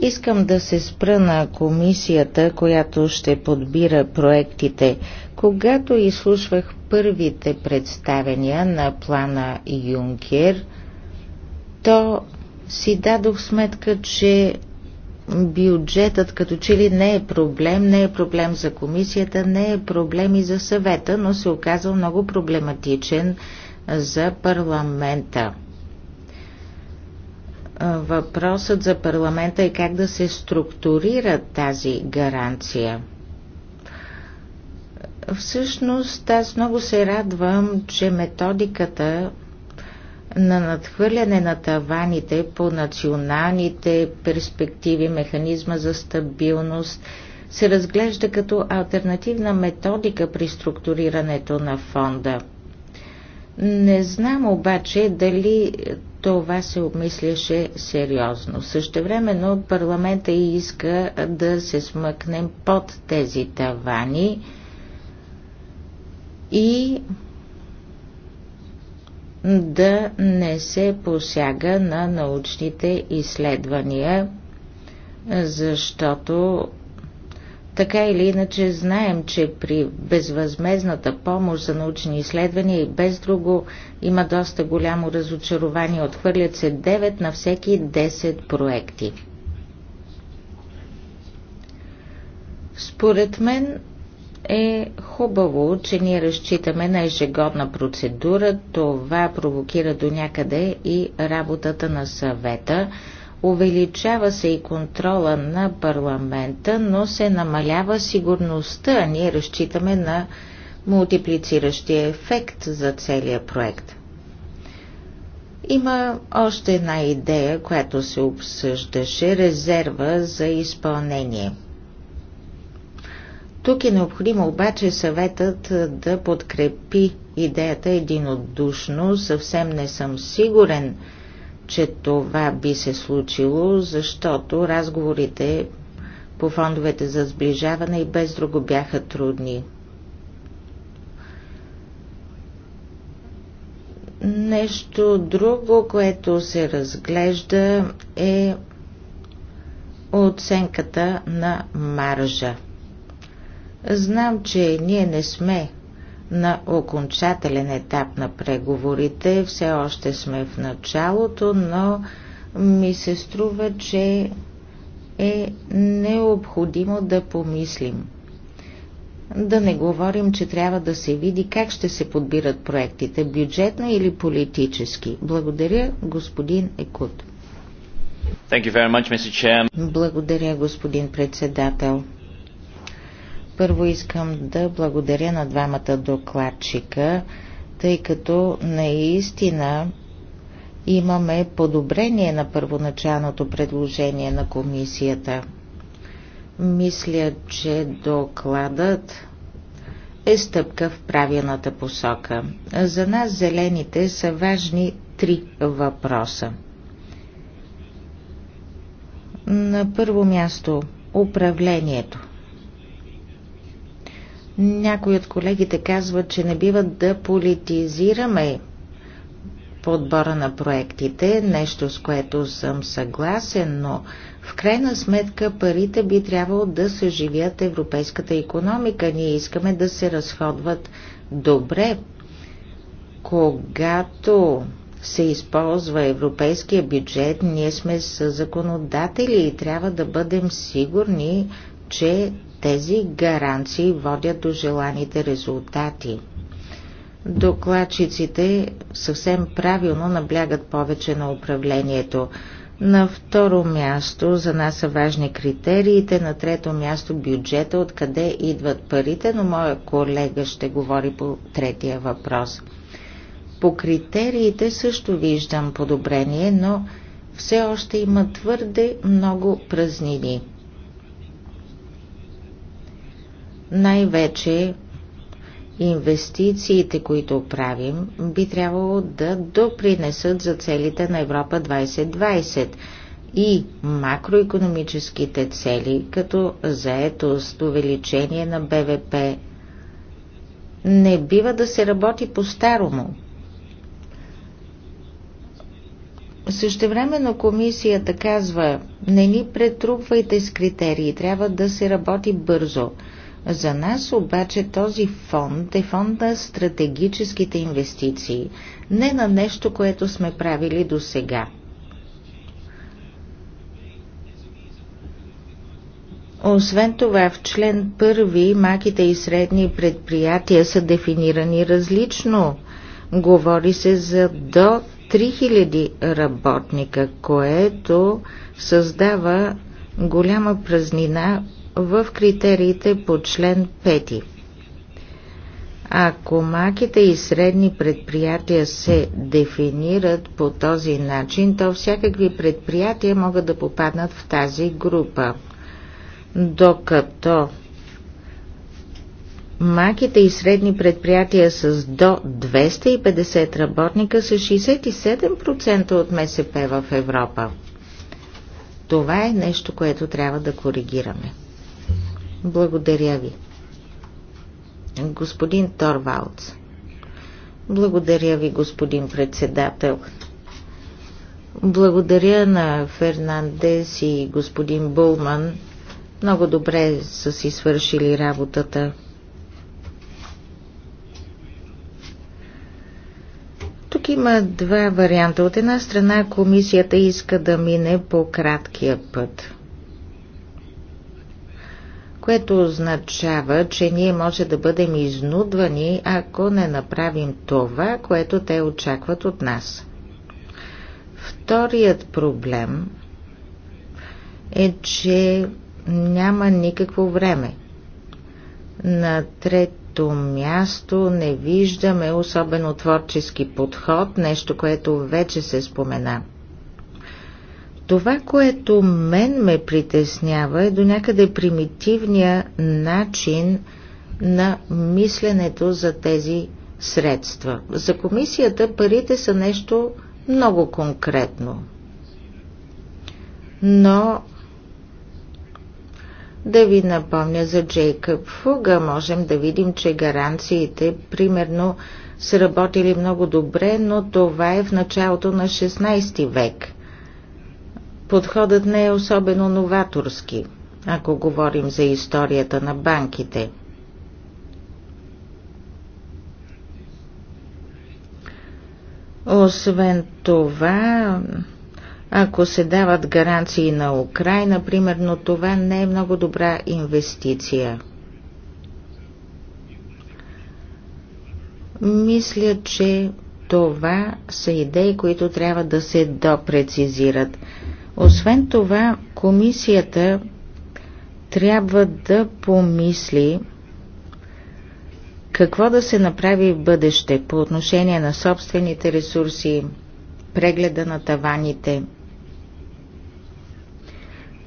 Искам да се спра на комисията, която ще подбира проектите. Когато изслушвах първите представения на плана Юнкер – то си дадох сметка, че бюджетът като че ли не е проблем, не е проблем за комисията, не е проблем и за съвета, но се оказа много проблематичен за парламента. Въпросът за парламента е как да се структурира тази гаранция. Всъщност аз много се радвам, че методиката на надхвърляне на таваните по националните перспективи, механизма за стабилност, се разглежда като альтернативна методика при структурирането на фонда. Не знам обаче дали това се обмисляше сериозно. Същевременно парламента и иска да се смъкнем под тези тавани и да не се посяга на научните изследвания, защото така или иначе знаем, че при безвъзмезната помощ за научни изследвания и без друго има доста голямо разочарование. Отхвърлят се 9 на всеки 10 проекти. Според мен е хубаво, че ние разчитаме на ежегодна процедура. Това провокира до някъде и работата на съвета. Увеличава се и контрола на парламента, но се намалява сигурността. Ние разчитаме на мултиплициращия ефект за целия проект. Има още една идея, която се обсъждаше – резерва за изпълнение – тук е необходимо обаче съветът е, да подкрепи идеята единодушно. Съвсем не съм сигурен, че това би се случило, защото разговорите по фондовете за сближаване и без друго бяха трудни. Нещо друго, което се разглежда е оценката на маржа. Знам, че ние не сме на окончателен етап на преговорите, все още сме в началото, но ми се струва, че е необходимо да помислим. Да не говорим, че трябва да се види как ще се подбират проектите, бюджетно или политически. Благодаря, господин Екут. Благодаря, господин председател. Първо искам да благодаря на двамата докладчика, тъй като наистина имаме подобрение на първоначалното предложение на комисията. Мисля, че докладът е стъпка в правилната посока. За нас зелените са важни три въпроса. На първо място управлението – някои от колегите казват, че не бива да политизираме подбора на проектите, нещо с което съм съгласен, но в крайна сметка парите би трябвало да съживят европейската економика. Ние искаме да се разходват добре. Когато се използва европейския бюджет, ние сме с законодатели и трябва да бъдем сигурни, че тези гаранции водят до желаните резултати. Докладчиците съвсем правилно наблягат повече на управлението. На второ място за нас са важни критериите, на трето място бюджета, откъде идват парите, но моя колега ще говори по третия въпрос. По критериите също виждам подобрение, но все още има твърде много празнини. Най-вече инвестициите, които правим, би трябвало да допринесат за целите на Европа 2020 и макроекономическите цели, като заетост, увеличение на БВП. Не бива да се работи по-старому. Същевременно комисията казва, не ни претрупвайте с критерии, трябва да се работи бързо – за нас обаче този фонд е фонд на стратегическите инвестиции, не на нещо, което сме правили до сега. Освен това, в член първи маките и средни предприятия са дефинирани различно. Говори се за до 3000 работника, което създава голяма празнина в критериите по член 5. Ако малките и средни предприятия се дефинират по този начин, то всякакви предприятия могат да попаднат в тази група. Докато маките и средни предприятия с до 250 работника са 67% от МСП в Европа. Това е нещо, което трябва да коригираме. Благодаря ви. Господин Торвалц. Благодаря ви, господин председател. Благодаря на Фернандес и господин Булман. Много добре са си свършили работата. Тук има два варианта. От една страна комисията иска да мине по краткия път което означава, че ние може да бъдем изнудвани, ако не направим това, което те очакват от нас. Вторият проблем е, че няма никакво време. На трето място не виждаме особено творчески подход, нещо, което вече се спомена – това, което мен ме притеснява е до някъде примитивния начин на мисленето за тези средства. За комисията парите са нещо много конкретно. Но да ви напомня за Джейкъб Фуга, можем да видим, че гаранциите примерно са работили много добре, но това е в началото на 16 век. Подходът не е особено новаторски, ако говорим за историята на банките. Освен това, ако се дават гаранции на Украина, примерно, това не е много добра инвестиция. Мисля, че това са идеи, които трябва да се допрецизират. Освен това, комисията трябва да помисли какво да се направи в бъдеще по отношение на собствените ресурси, прегледа на таваните.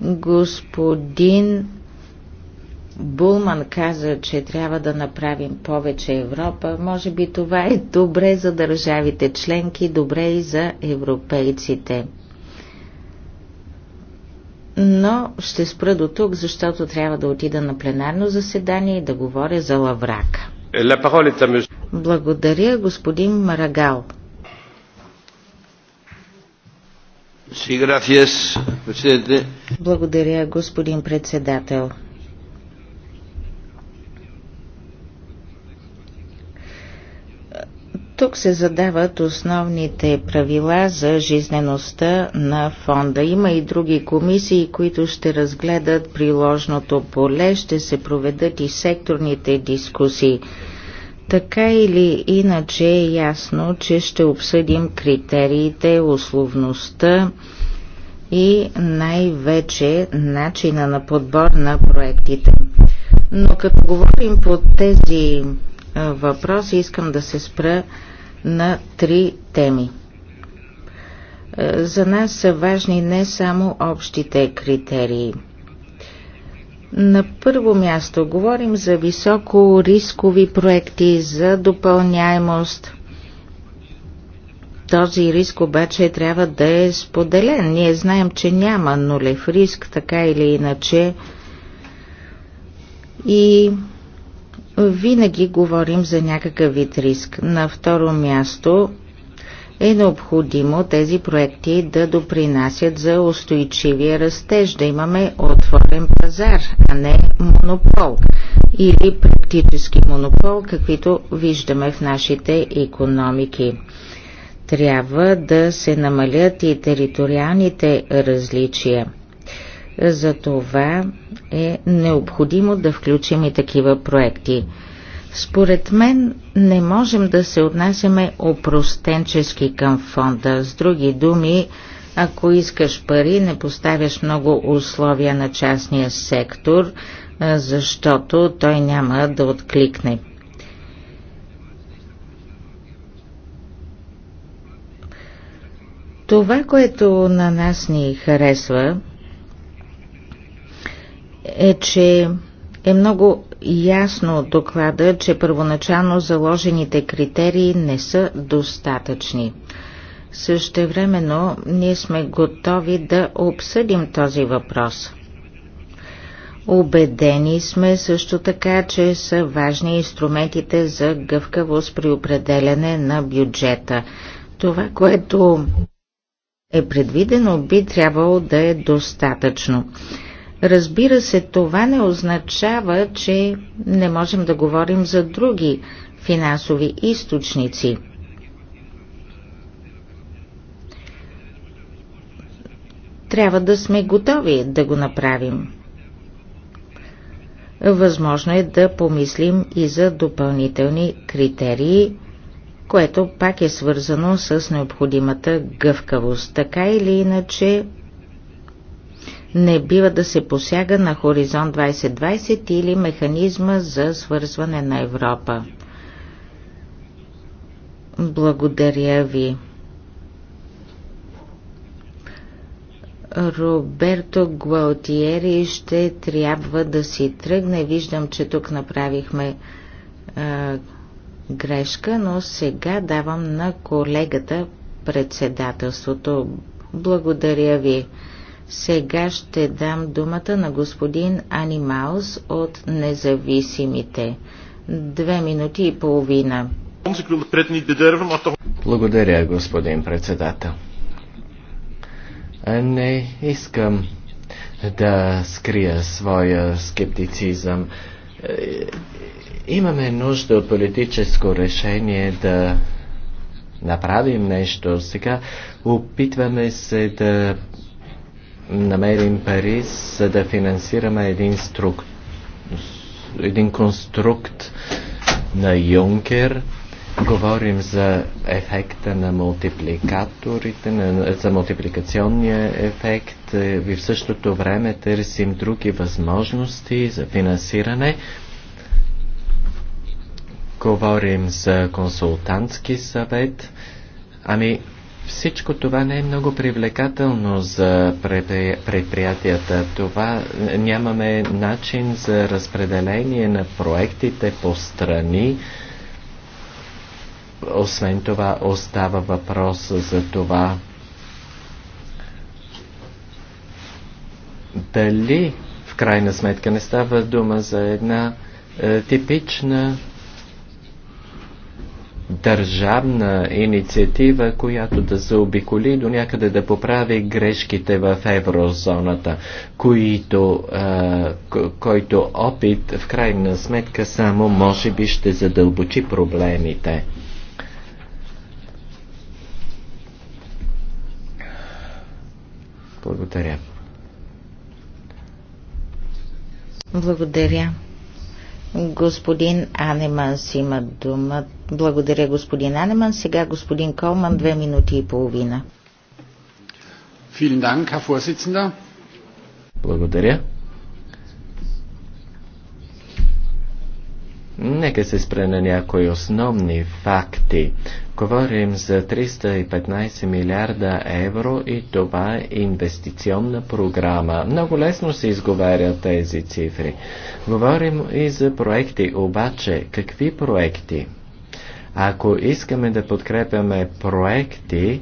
Господин Булман каза, че трябва да направим повече Европа. Може би това е добре за държавите членки, добре и за европейците но ще спра до тук, защото трябва да отида на пленарно заседание и да говоря за лаврака. Благодаря, господин Марагал. Благодаря, господин председател. Тук се задават основните правила за жизнеността на фонда. Има и други комисии, които ще разгледат приложното поле, ще се проведат и секторните дискусии. Така или иначе е ясно, че ще обсъдим критериите, условността и най-вече начина на подбор на проектите. Но като говорим по тези въпроси, искам да се спра на три теми. Е, за нас са важни не само общите критерии. На първо място говорим за високо рискови проекти, за допълняемост. Този риск обаче трябва да е споделен. Ние знаем, че няма нулев риск, така или иначе. И винаги говорим за някакъв вид риск. На второ място е необходимо тези проекти да допринасят за устойчивия растеж, да имаме отворен пазар, а не монопол или практически монопол, каквито виждаме в нашите економики. Трябва да се намалят и териториалните различия. За това е необходимо да включим и такива проекти. Според мен не можем да се отнасяме опростенчески към фонда. С други думи, ако искаш пари, не поставяш много условия на частния сектор, защото той няма да откликне. Това, което на нас ни харесва, е, че е много ясно от доклада, че първоначално заложените критерии не са достатъчни. Същевременно ние сме готови да обсъдим този въпрос. Обедени сме също така, че са важни инструментите за гъвкавост при определене на бюджета. Това, което е предвидено, би трябвало да е достатъчно. Разбира се, това не означава, че не можем да говорим за други финансови източници. Трябва да сме готови да го направим. Възможно е да помислим и за допълнителни критерии, което пак е свързано с необходимата гъвкавост. Така или иначе, не бива да се посяга на Хоризонт 2020 или механизма за свързване на Европа. Благодаря ви. Роберто Гуалтиери ще трябва да си тръгне. Виждам, че тук направихме а, грешка, но сега давам на колегата председателството. Благодаря ви. Сега ще дам думата на господин Ани Маус от Независимите. Две минути и половина. Благодаря, господин председател. Не искам да скрия своя скептицизъм. Имаме нужда от политическо решение да направим нещо. Сега опитваме се да намерим пари, за да финансираме един, струк... един конструкт на Юнкер. Говорим за ефекта на мултипликаторите, на, за мултипликационния ефект. И в същото време търсим други възможности за финансиране. Говорим за консултантски съвет. Ами, всичко това не е много привлекателно за предприятията. Това е, нямаме начин за разпределение на проектите по страни. Освен това остава въпрос за това дали в крайна сметка не става дума за една е, типична държавна инициатива, която да се обиколи до някъде да поправи грешките в еврозоната, които, а, който опит в крайна сметка само може би ще задълбочи проблемите. Благодаря. Благодаря. Господин Анеманс има думата благодаря, господин Анеман. Сега господин Колман, две минути и половина. Благодаря. Нека се спре на някои основни факти. Говорим за 315 милиарда евро и това е инвестиционна програма. Много лесно се изговарят тези цифри. Говорим и за проекти, обаче какви проекти? Ако искаме да подкрепяме проекти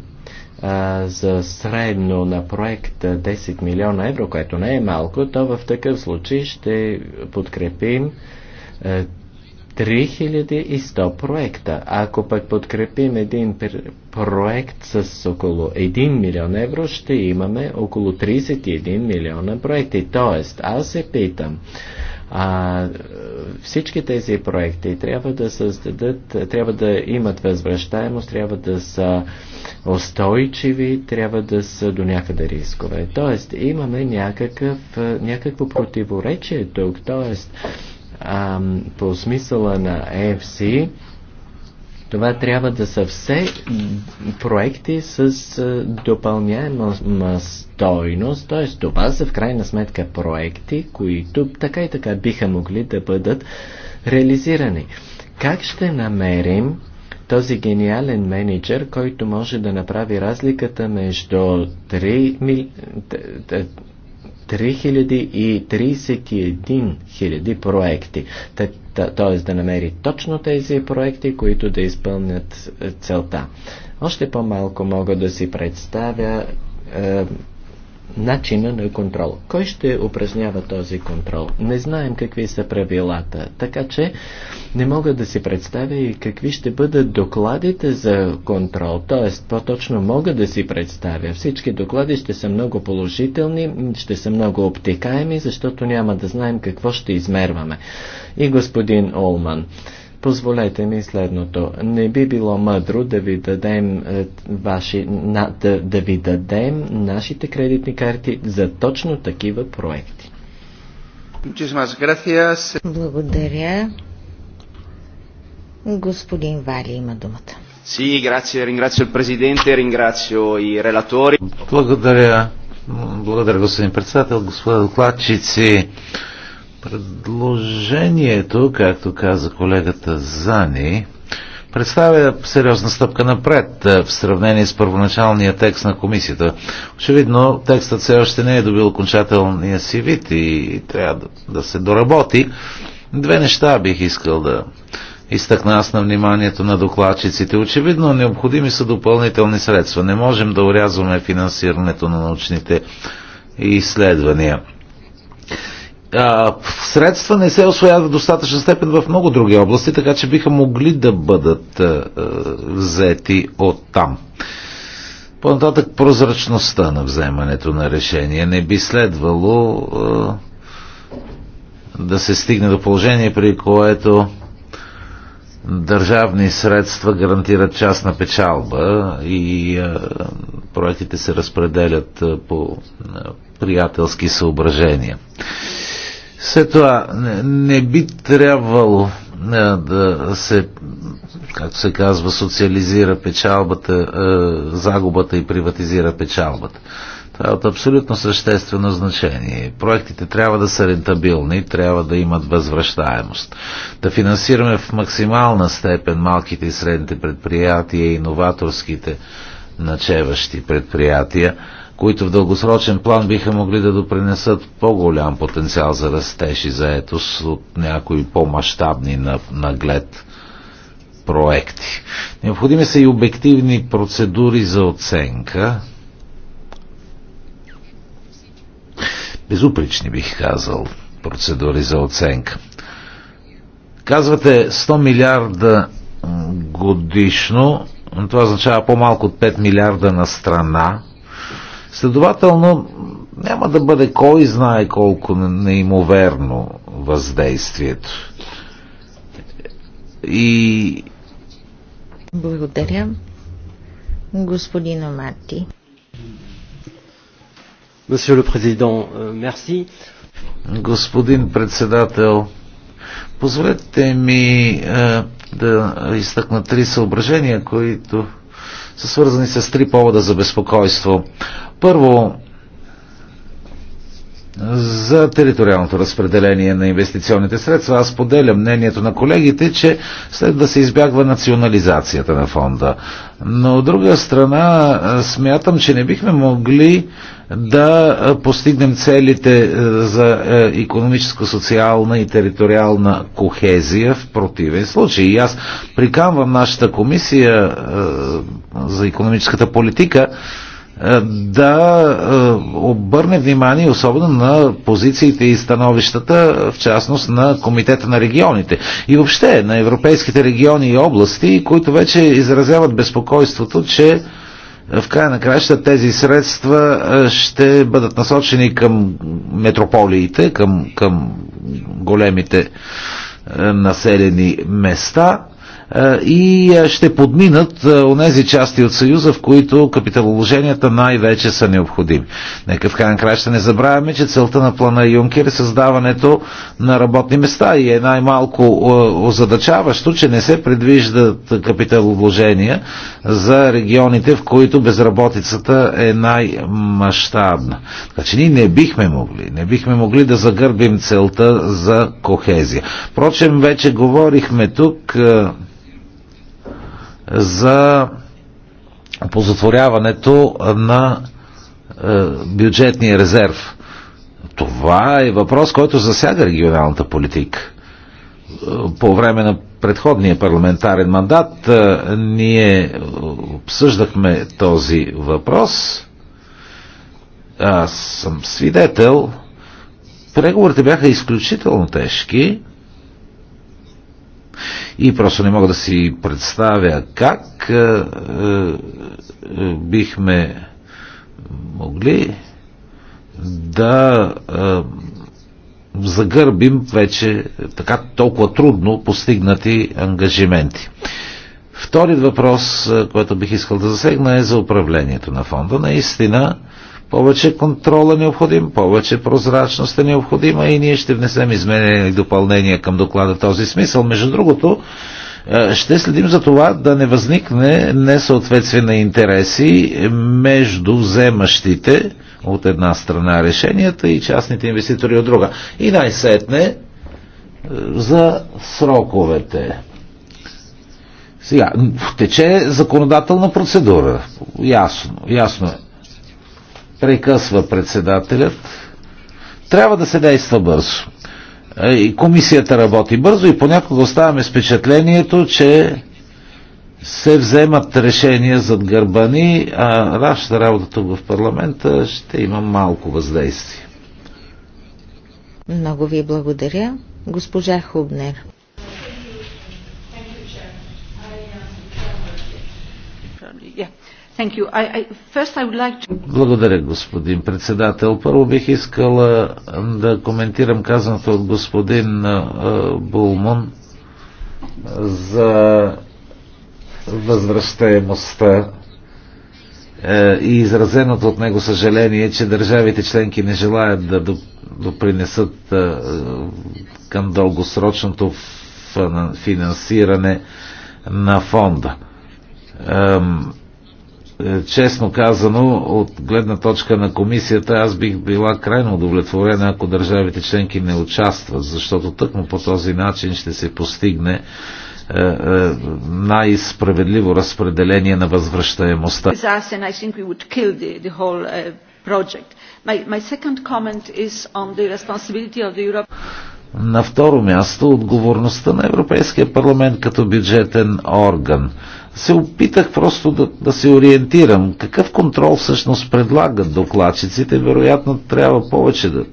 а, за средно на проект 10 милиона евро, което не е малко, то в такъв случай ще подкрепим а, 3100 проекта. Ако пък подкрепим един проект с около 1 милион евро, ще имаме около 31 милиона проекти. Тоест, аз се питам, а, всички тези проекти трябва да създадат, трябва да имат възвръщаемост, трябва да са устойчиви, трябва да са до някъде рискове. Тоест, имаме някакъв, някакво противоречие тук. Тоест, а, по смисъла на EFC, това трябва да са все проекти с е, допълняема стойност, т.е. това са в крайна сметка проекти, които така и така биха могли да бъдат реализирани. Как ще намерим този гениален менеджер, който може да направи разликата между 3, 3031 хиляди проекти. Т.е. да намери точно тези проекти, които да изпълнят е, целта. Още по-малко мога да си представя е, начина на контрол. Кой ще упражнява този контрол? Не знаем какви са правилата, така че не мога да си представя и какви ще бъдат докладите за контрол. Тоест, по-точно мога да си представя. Всички доклади ще са много положителни, ще са много обтекаеми, защото няма да знаем какво ще измерваме. И господин Олман. Позволете ми следното. Не би било мъдро да ви дадем, е, ваши, на, да, да ви дадем нашите кредитни карти за точно такива проекти. Благодаря. Господин Вали има думата. Sì, grazie, ringrazio il Presidente, ringrazio i relatori. Благодаря. Благодаря, господин председател, господа докладчици. Предложението, както каза колегата Зани, представя сериозна стъпка напред е, в сравнение с първоначалния текст на комисията. Очевидно, текстът все още не е добил окончателния си вид и трябва да, да се доработи. Две неща бих искал да изтъкна аз на вниманието на докладчиците. Очевидно, необходими са допълнителни средства. Не можем да урязваме финансирането на научните изследвания средства не се освояват в достатъчна степен в много други области, така че биха могли да бъдат взети от там. По-нататък прозрачността на вземането на решение не би следвало да се стигне до положение, при което държавни средства гарантират частна печалба и проектите се разпределят по приятелски съображения. След това не, не би трябвало е, да се, както се казва, социализира печалбата, е, загубата и приватизира печалбата. Това е от абсолютно съществено значение. Проектите трябва да са рентабилни, трябва да имат възвръщаемост. Да финансираме в максимална степен малките и средните предприятия и иноваторските начеващи предприятия които в дългосрочен план биха могли да допринесат по-голям потенциал за растеж и заетост от някои по-масштабни на, наглед проекти. Необходими са и обективни процедури за оценка. Безупречни бих казал процедури за оценка. Казвате 100 милиарда годишно, но това означава по-малко от 5 милиарда на страна Следователно, няма да бъде кой знае колко неимоверно въздействието. И... Благодаря, господин Омати. Monsieur le Président, euh, merci. Господин председател, позволете ми е, да изтъкна три съображения, които са свързани с три повода за безпокойство. Първо, за териториалното разпределение на инвестиционните средства. Аз поделя мнението на колегите, че след да се избягва национализацията на фонда. Но от друга страна смятам, че не бихме могли да постигнем целите е, за економическо-социална и териториална кохезия в противен случай. И аз приканвам нашата комисия е, за економическата политика е, да е, обърне внимание особено на позициите и становищата, в частност на Комитета на регионите и въобще на европейските региони и области, които вече изразяват безпокойството, че е, в края на краща тези средства ще бъдат насочени към метрополиите, към, към големите населени места – е, и е, ще подминат е, онези части от Съюза, в които капиталовложенията най-вече са необходими. Нека в на края ще не забравяме, че целта на плана Юнкер е създаването на работни места и е най-малко озадачаващо, че не се предвиждат капиталовложения за регионите, в които безработицата е най-мащабна. Така значи, че ние не бихме могли, не бихме могли да загърбим целта за кохезия. Впрочем, вече говорихме тук за позатворяването на е, бюджетния резерв. Това е въпрос, който засяга регионалната политика. По време на предходния парламентарен мандат е, ние обсъждахме този въпрос. Аз съм свидетел. Преговорите бяха изключително тежки и просто не мога да си представя как е, е, бихме могли да е, загърбим вече така толкова трудно постигнати ангажименти. Вторият въпрос, е, който бих искал да засегна е за управлението на фонда. Наистина, повече контрола е необходим, повече прозрачност е необходима и ние ще внесем изменения и допълнения към доклада в този смисъл. Между другото, е, ще следим за това да не възникне несъответствие на интереси между вземащите от една страна решенията и частните инвеститори от друга. И най-сетне е, за сроковете. Сега, тече законодателна процедура. Ясно, ясно е прекъсва председателят. Трябва да се действа бързо. Е, и комисията работи бързо и понякога оставаме с впечатлението, че се вземат решения зад гърбани, а нашата работа тук в парламента ще има малко въздействие. Много ви благодаря, госпожа Хубнер. Благодаря, господин председател. Първо бих искала да коментирам казаното от господин Булмон за възвръщаемостта е, и изразеното от него съжаление, че държавите членки не желаят да допринесат към дългосрочното финансиране на фонда е, честно казано, от гледна точка на комисията, аз бих била крайно удовлетворена, ако държавите членки не участват, защото тъкмо по този начин ще се постигне е, е, най-справедливо разпределение на възвръщаемостта. Uh, на второ място отговорността на Европейския парламент като бюджетен орган се опитах просто да, да се ориентирам. Какъв контрол всъщност предлагат докладчиците? Вероятно трябва повече да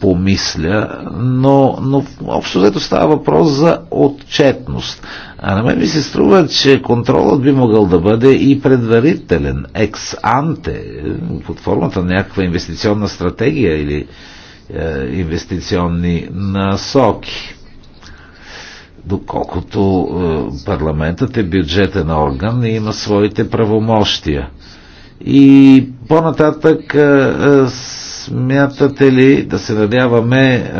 помисля, но, но общо взето става въпрос за отчетност. А на мен ми се струва, че контролът би могъл да бъде и предварителен, екс-анте, под формата на някаква инвестиционна стратегия или е, инвестиционни насоки доколкото е, парламентът е бюджетен орган и има своите правомощия. И по-нататък е, е, смятате ли да се надяваме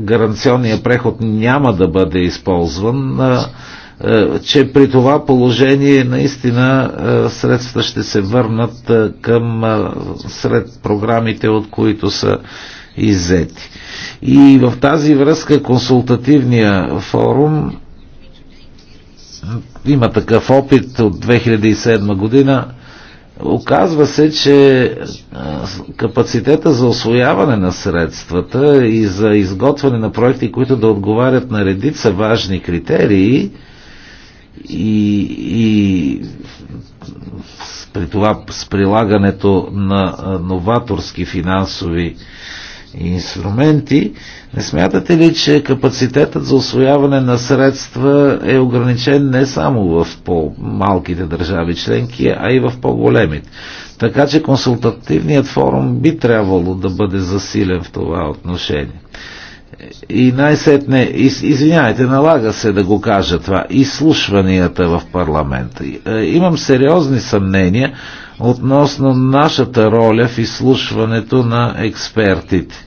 гаранционния преход няма да бъде използван, че при това положение наистина средствата ще се върнат към сред програмите, от които са иззети. И в тази връзка консултативния форум има такъв опит от 2007 година. Оказва се, че капацитета за освояване на средствата и за изготвяне на проекти, които да отговарят на редица важни критерии и, и при това с прилагането на новаторски финансови инструменти. Не смятате ли, че капацитетът за освояване на средства е ограничен не само в по-малките държави членки, а и в по-големите? Така че консултативният форум би трябвало да бъде засилен в това отношение. И най-сетне, из, извинявайте, налага се да го кажа това, изслушванията в парламента. Е, имам сериозни съмнения относно нашата роля в изслушването на експертите.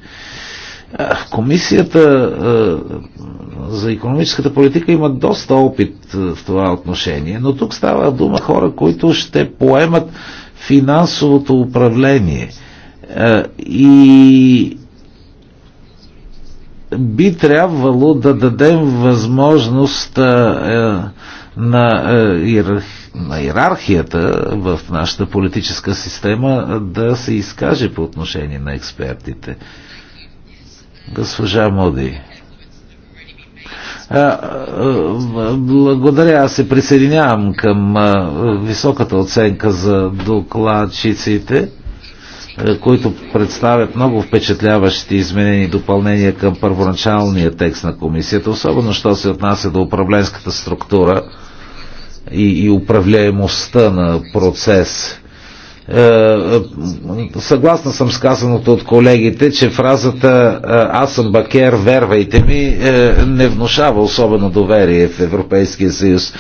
Е, комисията е, за економическата политика има доста опит в това отношение, но тук става дума хора, които ще поемат финансовото управление. И би трябвало да дадем възможност а, е, на, а, е, иерарх, на иерархията в нашата политическа система да се изкаже по отношение на експертите. Госпожа Моди. Благодаря, аз се присъединявам към високата оценка за докладчиците. Е, които представят много впечатляващи изменени допълнения към първоначалния текст на комисията, особено що се отнася до управленската структура и, и управляемостта на процес. Е, е, съгласна съм с казаното от колегите, че фразата Аз съм бакер, вервайте ми не внушава особено доверие в Европейския съюз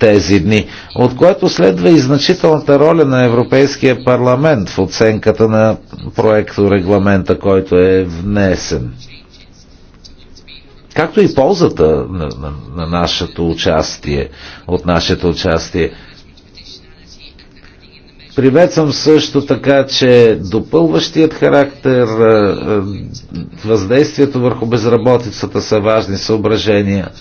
тези дни, от което следва и значителната роля на Европейския парламент в оценката на проекто регламента, който е внесен. Както и ползата на, на, на нашето участие, от нашето участие. Приветствам също така, че допълващият характер, въздействието върху безработицата са важни съображения –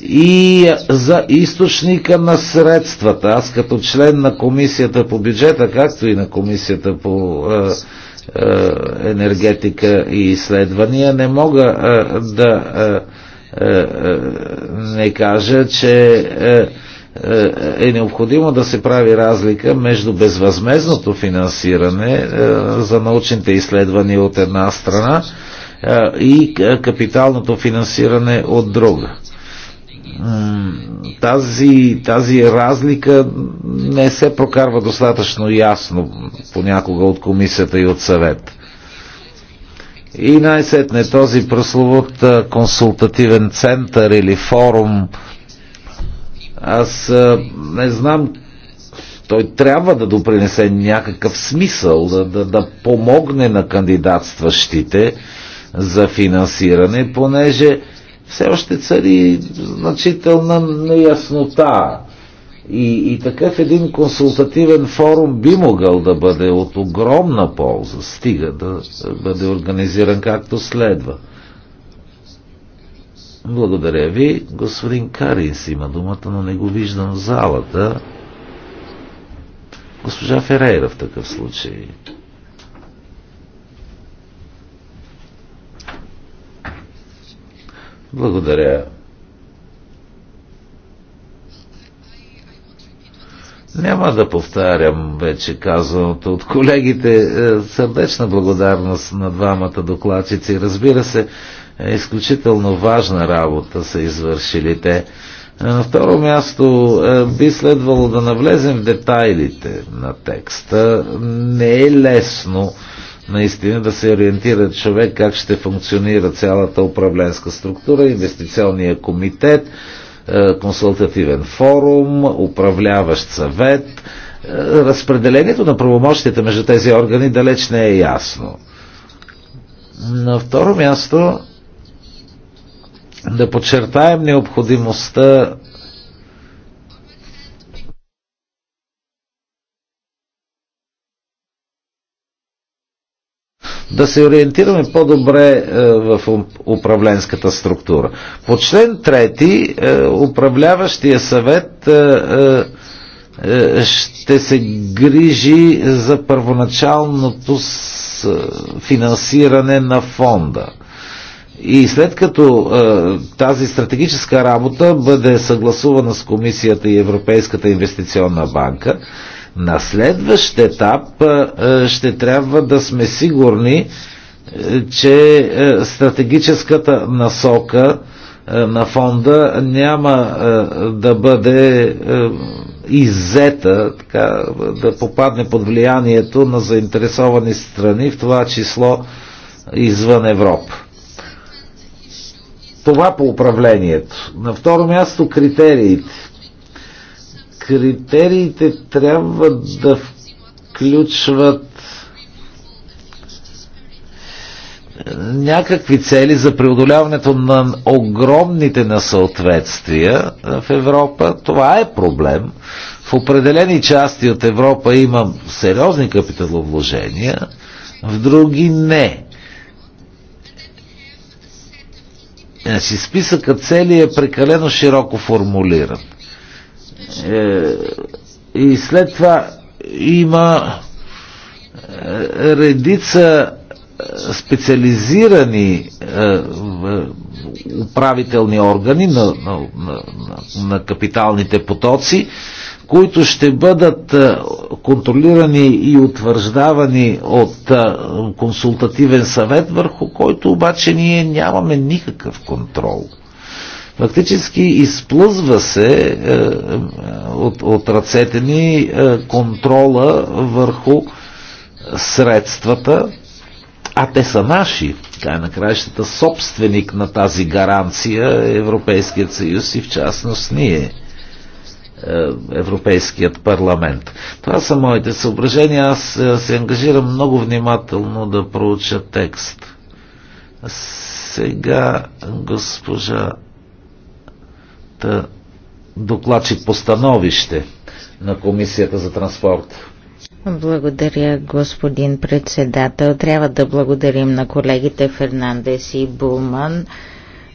и за източника на средствата. Аз като член на комисията по бюджета, както и на комисията по е, е, енергетика и изследвания, не мога е, да е, е, е не кажа, че е, е, е необходимо да се прави разлика между безвъзмезното финансиране е, за научните изследвания от една страна и капиталното финансиране от друга тази, тази разлика не се прокарва достатъчно ясно понякога от комисията и от съвет. И най-сетне този прословут консултативен център или форум, аз не знам, той трябва да допринесе някакъв смисъл, да, да, да помогне на кандидатстващите за финансиране, понеже все още цари значителна неяснота. И, и такъв един консултативен форум би могъл да бъде от огромна полза, стига да бъде организиран както следва. Благодаря ви. Господин Каринс има думата, но не го виждам в залата. Госпожа Ферейра в такъв случай. Благодаря. Няма да повтарям вече казаното от колегите. Е, сърдечна благодарност на двамата докладчици. Разбира се, е изключително важна работа са извършили те. Е, на второ място би следвало да навлезем в детайлите на текста. Не е лесно наистина да се ориентира човек как ще функционира цялата управленска структура, инвестиционния комитет, е, консултативен форум, управляващ съвет. Е, разпределението на правомощията между тези органи далеч не е ясно. На второ място да подчертаем необходимостта да се ориентираме по-добре е, в управленската структура. По член 3 е, управляващия съвет е, ще се грижи за първоначалното финансиране на фонда. И след като е, тази стратегическа работа бъде съгласувана с Комисията и Европейската инвестиционна банка, на следващ етап ще трябва да сме сигурни, че стратегическата насока на фонда няма да бъде иззета, така, да попадне под влиянието на заинтересовани страни, в това число извън Европа. Това по управлението. На второ място критериите критериите трябва да включват някакви цели за преодоляването на огромните несъответствия в Европа. Това е проблем. В определени части от Европа има сериозни капиталовложения, в други не. Значи е, списъка цели е прекалено широко формулиран. Е, и след това има е, редица е, специализирани управителни органи на, на, на, на капиталните потоци, които ще бъдат контролирани и утвърждавани от консултативен съвет, върху който обаче ние нямаме никакъв контрол. Фактически изплъзва се е, е, от, от ръцете ни е, контрола върху средствата, а те са наши. Край на краищата собственик на тази гаранция е Европейският съюз и в частност ние. Е, Европейският парламент. Това са моите съображения. Аз се ангажирам много внимателно да проуча текст. Сега госпожа докладчик по становище на Комисията за транспорт. Благодаря, господин председател. Трябва да благодарим на колегите Фернандес и Булман,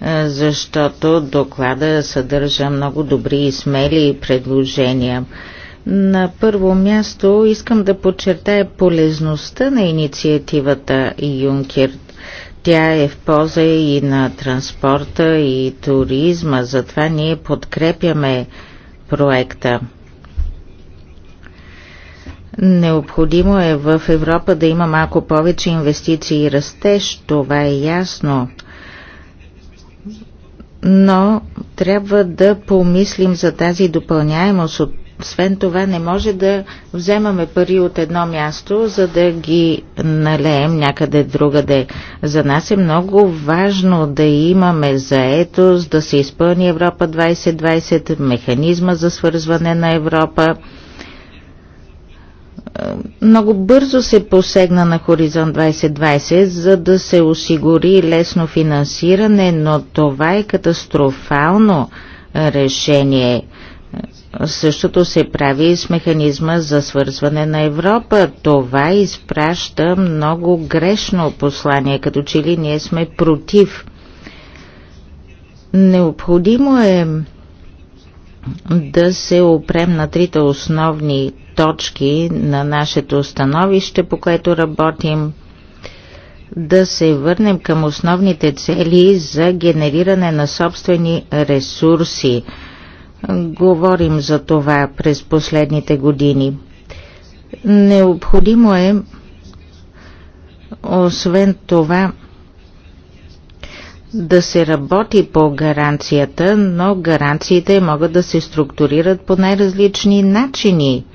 е, защото доклада съдържа много добри и смели предложения. На първо място искам да подчертая полезността на инициативата Юнкер. Тя е в полза и на транспорта и туризма, затова ние подкрепяме проекта. Необходимо е в Европа да има малко повече инвестиции и растеж, това е ясно. Но трябва да помислим за тази допълняемост от освен това не може да вземаме пари от едно място, за да ги налеем някъде другаде. За нас е много важно да имаме заетост, да се изпълни Европа 2020, механизма за свързване на Европа много бързо се посегна на Хоризонт 2020, за да се осигури лесно финансиране, но това е катастрофално решение. Същото се прави и с механизма за свързване на Европа. Това изпраща много грешно послание, като че ли ние сме против. Необходимо е да се опрем на трите основни точки на нашето становище, по което работим, да се върнем към основните цели за генериране на собствени ресурси – Говорим за това през последните години. Необходимо е, освен това, да се работи по гаранцията, но гаранциите могат да се структурират по най-различни начини.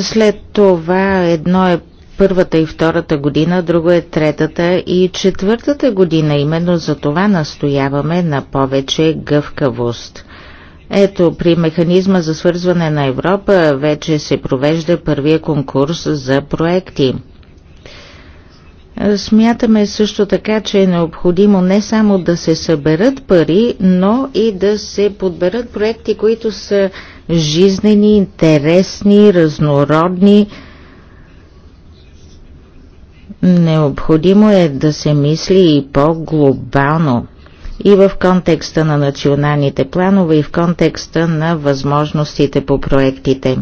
След това едно е първата и втората година, друго е третата и четвъртата година. Именно за това настояваме на повече гъвкавост. Ето, при механизма за свързване на Европа вече се провежда първия конкурс за проекти. Смятаме също така, че е необходимо не само да се съберат пари, но и да се подберат проекти, които са жизнени, интересни, разнородни. Необходимо е да се мисли и по-глобално и в контекста на националните планове и в контекста на възможностите по проектите.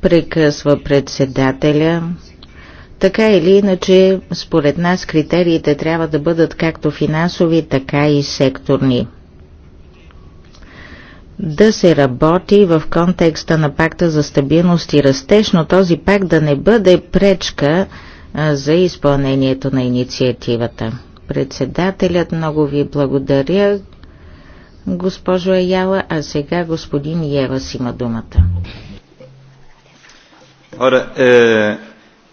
Прекъсва председателя. Така или иначе, според нас критериите трябва да бъдат както финансови, така и секторни да се работи в контекста на пакта за стабилност и растеж, но този пакт да не бъде пречка за изпълнението на инициативата председателят. Много ви благодаря, госпожо Аяла. А сега господин Евас има думата. Ora, е,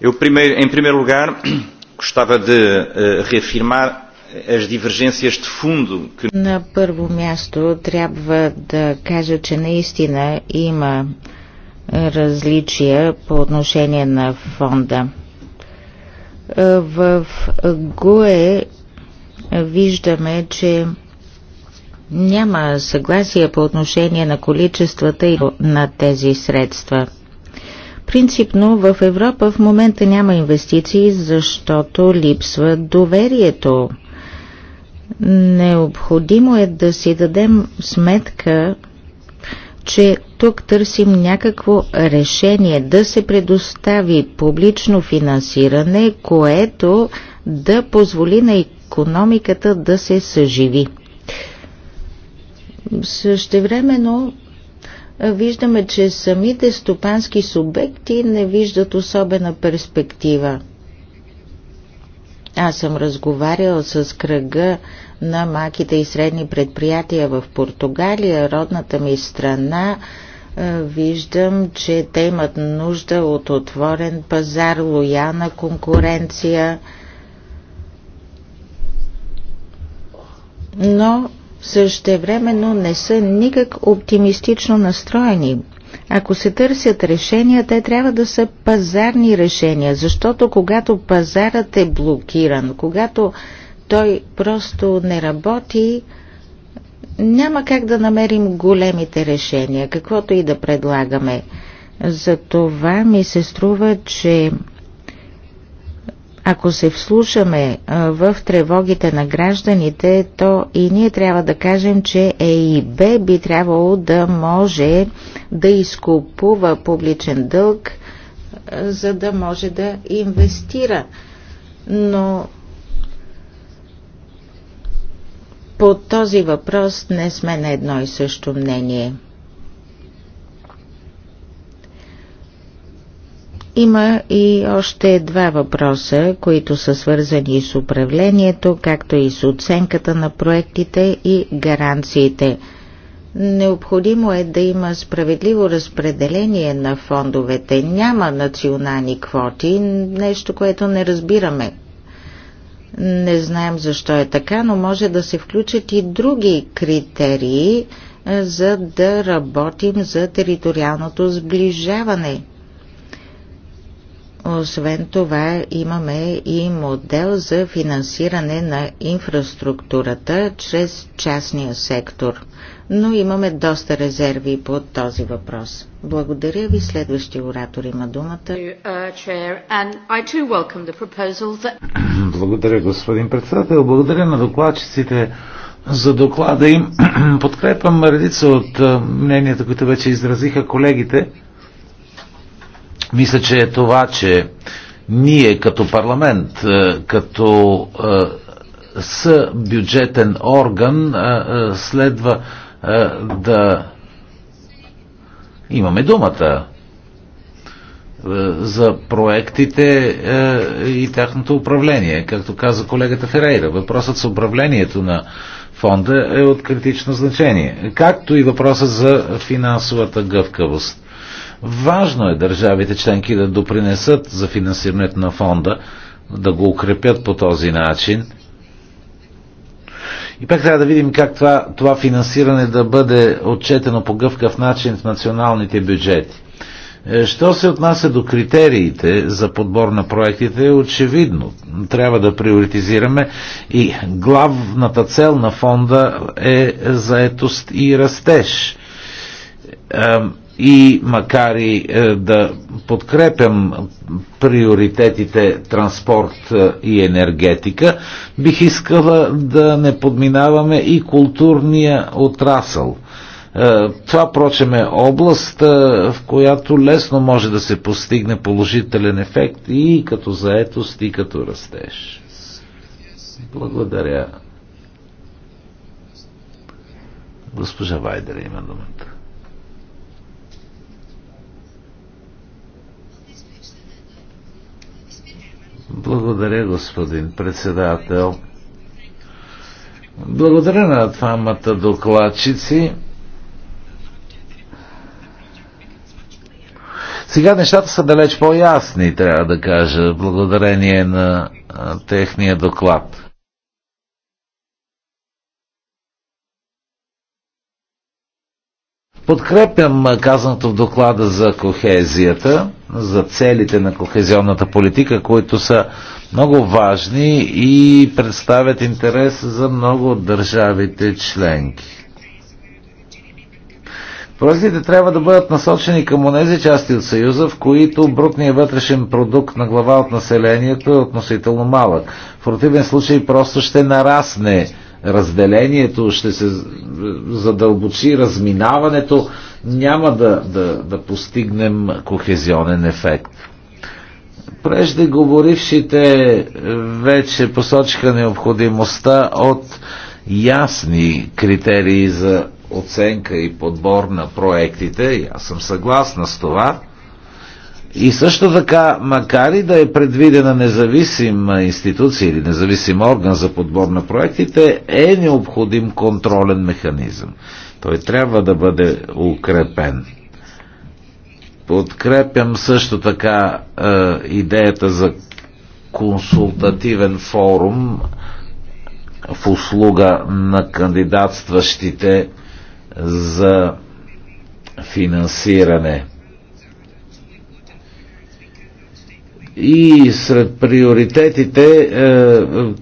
eu primeiro, em primeiro lugar gostava de е, reafirmar as divergências de fundo que... На първо място трябва да кажа, че наистина има различия по отношение на фонда. Е, в ГУЕ виждаме, че няма съгласие по отношение на количествата и на тези средства. Принципно в Европа в момента няма инвестиции, защото липсва доверието. Необходимо е да си дадем сметка, че тук търсим някакво решение да се предостави публично финансиране, което да позволи на економиката да се съживи. Същевременно виждаме, че самите стопански субекти не виждат особена перспектива. Аз съм разговарял с кръга на маките и средни предприятия в Португалия, родната ми страна. Виждам, че те имат нужда от отворен пазар, лоялна конкуренция – но същевременно не са никак оптимистично настроени. Ако се търсят решения, те трябва да са пазарни решения, защото когато пазарът е блокиран, когато той просто не работи, няма как да намерим големите решения, каквото и да предлагаме. За това ми се струва, че ако се вслушаме в тревогите на гражданите, то и ние трябва да кажем, че ЕИБ би трябвало да може да изкупува публичен дълг, за да може да инвестира. Но по този въпрос не сме на едно и също мнение – Има и още два въпроса, които са свързани с управлението, както и с оценката на проектите и гаранциите. Необходимо е да има справедливо разпределение на фондовете. Няма национални квоти, нещо, което не разбираме. Не знаем защо е така, но може да се включат и други критерии, за да работим за териториалното сближаване – освен това имаме и модел за финансиране на инфраструктурата чрез частния сектор. Но имаме доста резерви по този въпрос. Благодаря ви. Следващия оратор има думата. Uh, Благодаря, господин председател. Благодаря на докладчиците за доклада им. Подкрепям редица от мненията, които вече изразиха колегите. Мисля, че е това, че ние като парламент, е, като е, с бюджетен орган е, следва да имаме думата за проектите и тяхното управление. Както каза колегата Ферейра, въпросът с управлението на фонда е от критично значение, както и въпросът за финансовата гъвкавост. Важно е държавите членки да допринесат за финансирането на фонда, да го укрепят по този начин. И пак трябва да видим как това, това финансиране да бъде отчетено по гъвкав начин в националните бюджети. Е, що се отнася до критериите за подбор на проектите, е очевидно. Трябва да приоритизираме и главната цел на фонда е заетост и растеж и макар и е, да подкрепям приоритетите транспорт е, и енергетика, бих искала да не подминаваме и културния отрасъл. Е, това, прочем, е област, в която лесно може да се постигне положителен ефект и като заетост, и като растеж. Благодаря. Госпожа Вайдера има думата. Благодаря, господин председател. Благодаря на двамата докладчици. Сега нещата са далеч по-ясни, трябва да кажа, благодарение на техния доклад. Подкрепям казаното в доклада за кохезията, за целите на кохезионната политика, които са много важни и представят интерес за много от държавите членки. Проектите трябва да бъдат насочени към онези части от Съюза, в които брутният вътрешен продукт на глава от населението е относително малък. В противен случай просто ще нарасне разделението, ще се задълбочи разминаването, няма да, да, да постигнем кохезионен ефект. Преждеговорившите вече посочиха необходимостта от ясни критерии за оценка и подбор на проектите. И аз съм съгласна с това. И също така, макар и да е предвидена независима институция или независим орган за подбор на проектите, е необходим контролен механизъм. Той трябва да бъде укрепен. Подкрепям също така е, идеята за консултативен форум в услуга на кандидатстващите за финансиране. И сред приоритетите е,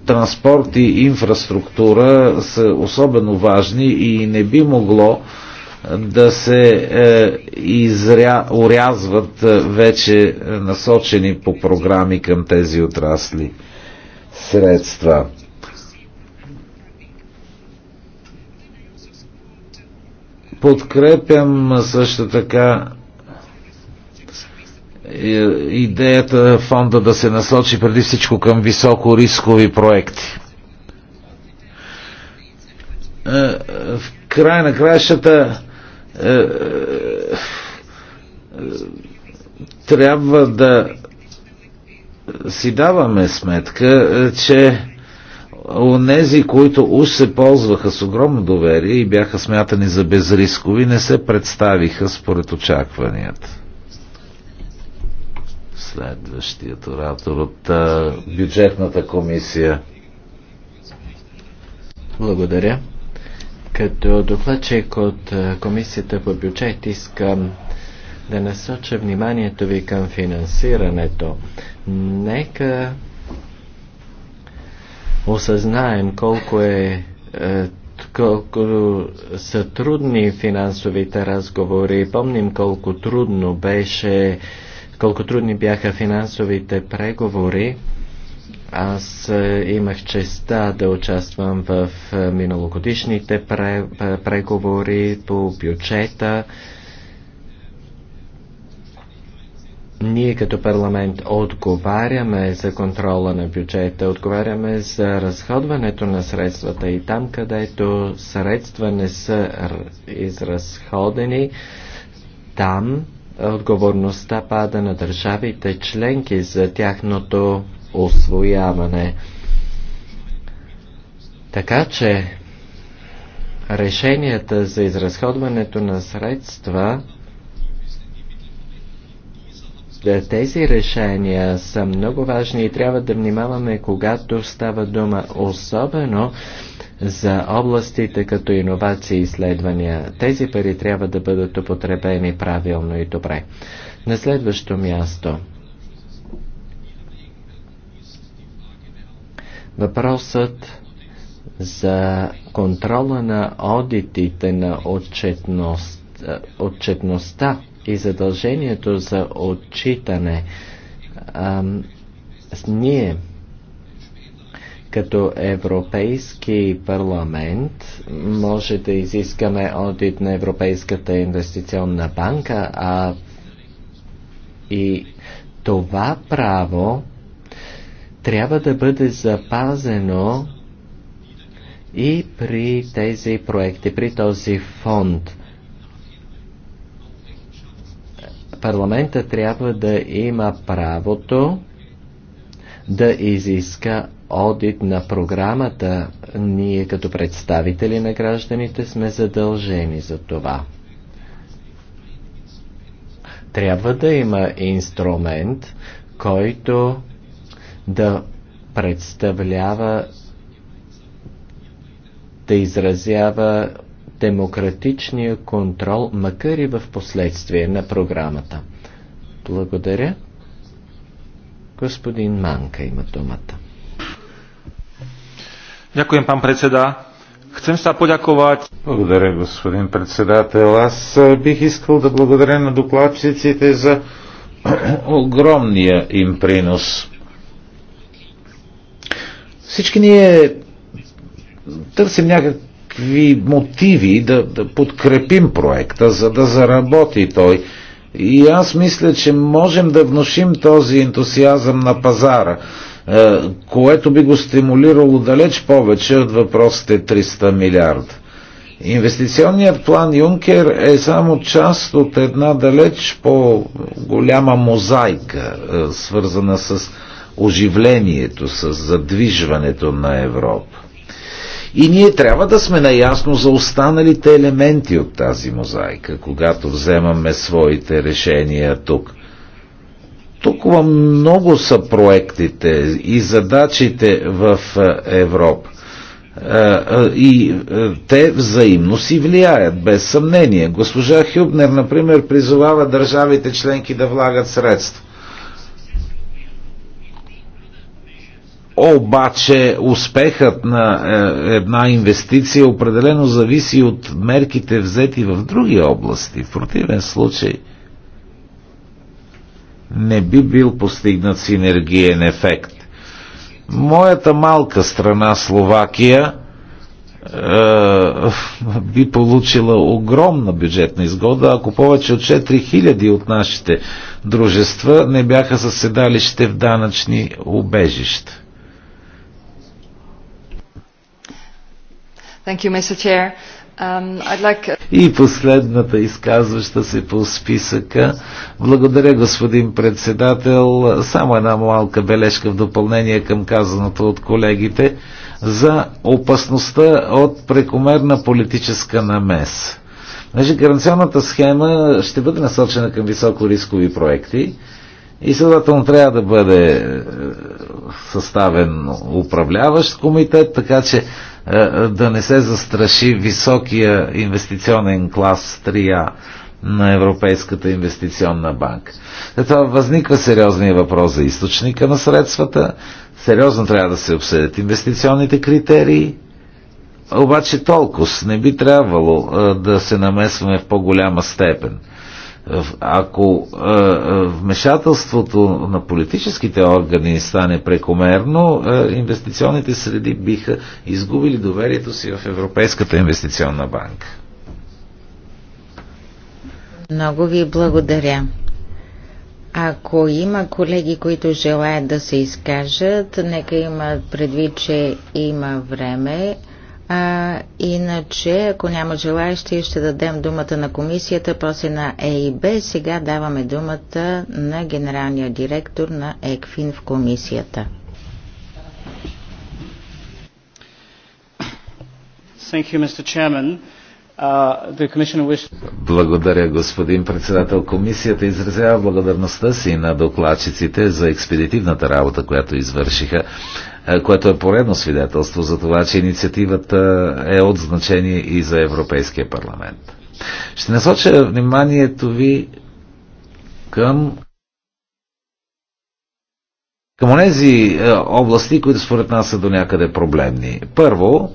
транспорт и инфраструктура са особено важни и не би могло е, да се е, изря, урязват е, вече насочени по програми към тези отрасли средства. Подкрепям също така е, идеята фонда да се насочи преди всичко към високо рискови проекти. Е, е, в края на краищата трябва да си даваме сметка, че онези, които уж се ползваха с огромно доверие и бяха смятани за безрискови, не се представиха според очакванията следващият оратор от бюджетната комисия. Благодаря. Като докладчик от комисията по бюджет искам да насоча вниманието ви към финансирането. Нека осъзнаем колко е, е колко са трудни финансовите разговори. Помним колко трудно беше колко трудни бяха финансовите преговори, аз е, имах честа да участвам в е, миналогодишните е, преговори по бюджета. Ние като парламент отговаряме за контрола на бюджета, отговаряме за разходването на средствата и там, където средства не са изразходени, там отговорността пада на държавите членки за тяхното освояване. Така че решенията за изразходването на средства тези решения са много важни и трябва да внимаваме, когато става дума, особено за областите като иновации и изследвания. Тези пари трябва да бъдат употребени правилно и добре. На следващо място. Въпросът за контрола на одитите на отчетност, отчетността и задължението за отчитане. А, ние като Европейски парламент може да изискаме одит на Европейската инвестиционна банка, а и това право трябва да бъде запазено и при тези проекти, при този фонд. Парламента трябва да има правото да изиска одит на програмата, ние като представители на гражданите сме задължени за това. Трябва да има инструмент, който да представлява, да изразява демократичния контрол, макар и в последствие на програмата. Благодаря. Господин Манка има думата. Ďakujem, pán predseda. Chcem sa poďakovať. Благодаря, господин председател. Аз е, бих искал да благодаря на докладчиците за огромния им принос. Всички ние търсим някакви мотиви да, да подкрепим проекта, за да заработи той. И аз мисля, че можем да внушим този ентусиазъм на пазара. Е, което би го стимулирало далеч повече от въпросите 300 милиарда. Инвестиционният план Юнкер е само част от една далеч по-голяма мозайка, е, свързана с оживлението, с задвижването на Европа. И ние трябва да сме наясно за останалите елементи от тази мозайка, когато вземаме своите решения тук. Толкова много са проектите и задачите в е, Европа. Е, е, и те взаимно си влияят, без съмнение. Госпожа Хюбнер, например, призовава държавите членки да влагат средства. Обаче успехът на една инвестиция определено зависи от мерките взети в други области. В противен случай – не би бил постигнат синергиен ефект. Моята малка страна Словакия е, би получила огромна бюджетна изгода, ако повече от 4000 от нашите дружества не бяха съседалище в данъчни убежища. Thank you, Mr. Chair. Um, и последната изказваща се по списъка. Благодаря, господин председател. Само една малка бележка в допълнение към казаното от колегите за опасността от прекомерна политическа намес. Значи гаранционната схема ще бъде насочена към високо рискови проекти и следователно трябва да бъде е, съставен управляващ комитет, така че е, е, да не се застраши високия инвестиционен клас 3А на Европейската инвестиционна банка. Това възниква сериозния въпрос за източника на средствата. Сериозно трябва да се обсъдят инвестиционните критерии. Обаче толкова не би трябвало е, да се намесваме в по-голяма степен. Ако е, е, вмешателството на политическите органи стане прекомерно, е, инвестиционните среди биха изгубили доверието си в Европейската инвестиционна банка. Много ви благодаря. Ако има колеги, които желаят да се изкажат, нека имат предвид, че има време. А, иначе, ако няма желаящи, ще дадем думата на комисията, после на ЕИБ. Сега даваме думата на генералния директор на ЕКФИН в комисията. Thank you, Mr. Chairman. Uh, Благодаря, господин председател. Комисията изразява благодарността си на докладчиците за експедитивната работа, която извършиха, което е поредно свидетелство за това, че инициативата е от значение и за Европейския парламент. Ще насоча вниманието ви към към тези области, които според нас са до някъде проблемни. Първо,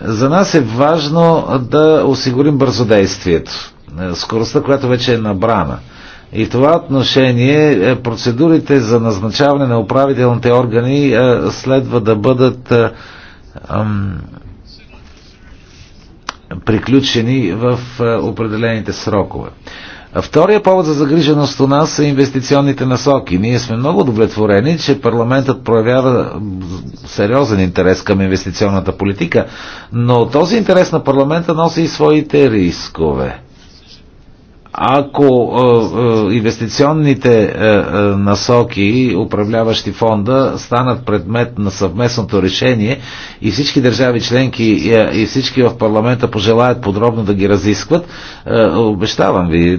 за нас е важно да осигурим бързодействието, е, скоростта, която вече е набрана. И в това отношение е, процедурите за назначаване на управителните органи е, следва да бъдат приключени в определените срокове. А втория повод за загриженост у нас са инвестиционните насоки. Ние сме много удовлетворени, че парламентът проявява сериозен интерес към инвестиционната политика, но този интерес на парламента носи и своите рискове ако е, е, инвестиционните е, насоки, управляващи фонда, станат предмет на съвместното решение и всички държави членки и всички в парламента пожелаят подробно да ги разискват, обещавам ви,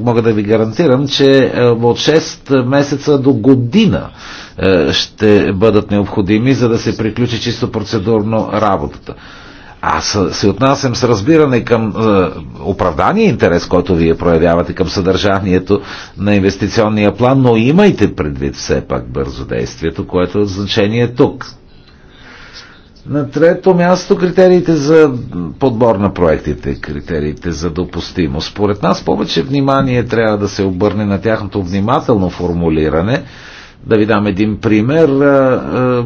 мога да ви гарантирам, че от 6 месеца до година ще бъдат необходими, за да се приключи чисто процедурно работата. Аз се отнасям с разбиране към е, оправдания интерес, който вие проявявате към съдържанието на инвестиционния план, но имайте предвид все пак бързо действието, което е значение тук. На трето място критериите за подбор на проектите, критериите за допустимост. Според нас повече внимание трябва да се обърне на тяхното внимателно формулиране. Да ви дам един пример. Е, е,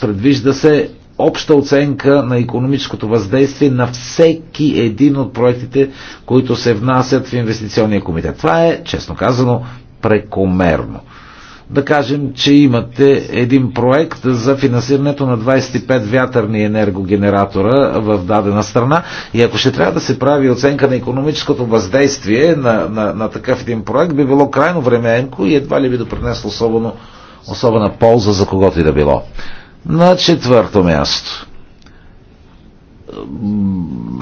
предвижда се обща оценка на економическото въздействие на всеки един от проектите, които се внасят в инвестиционния комитет. Това е, честно казано, прекомерно. Да кажем, че имате един проект за финансирането на 25 вятърни енергогенератора в дадена страна и ако ще трябва да се прави оценка на економическото въздействие на, на, на такъв един проект, би било крайно времеенко и едва ли би допринесло особено, особена полза за когото и да било. На четвърто място.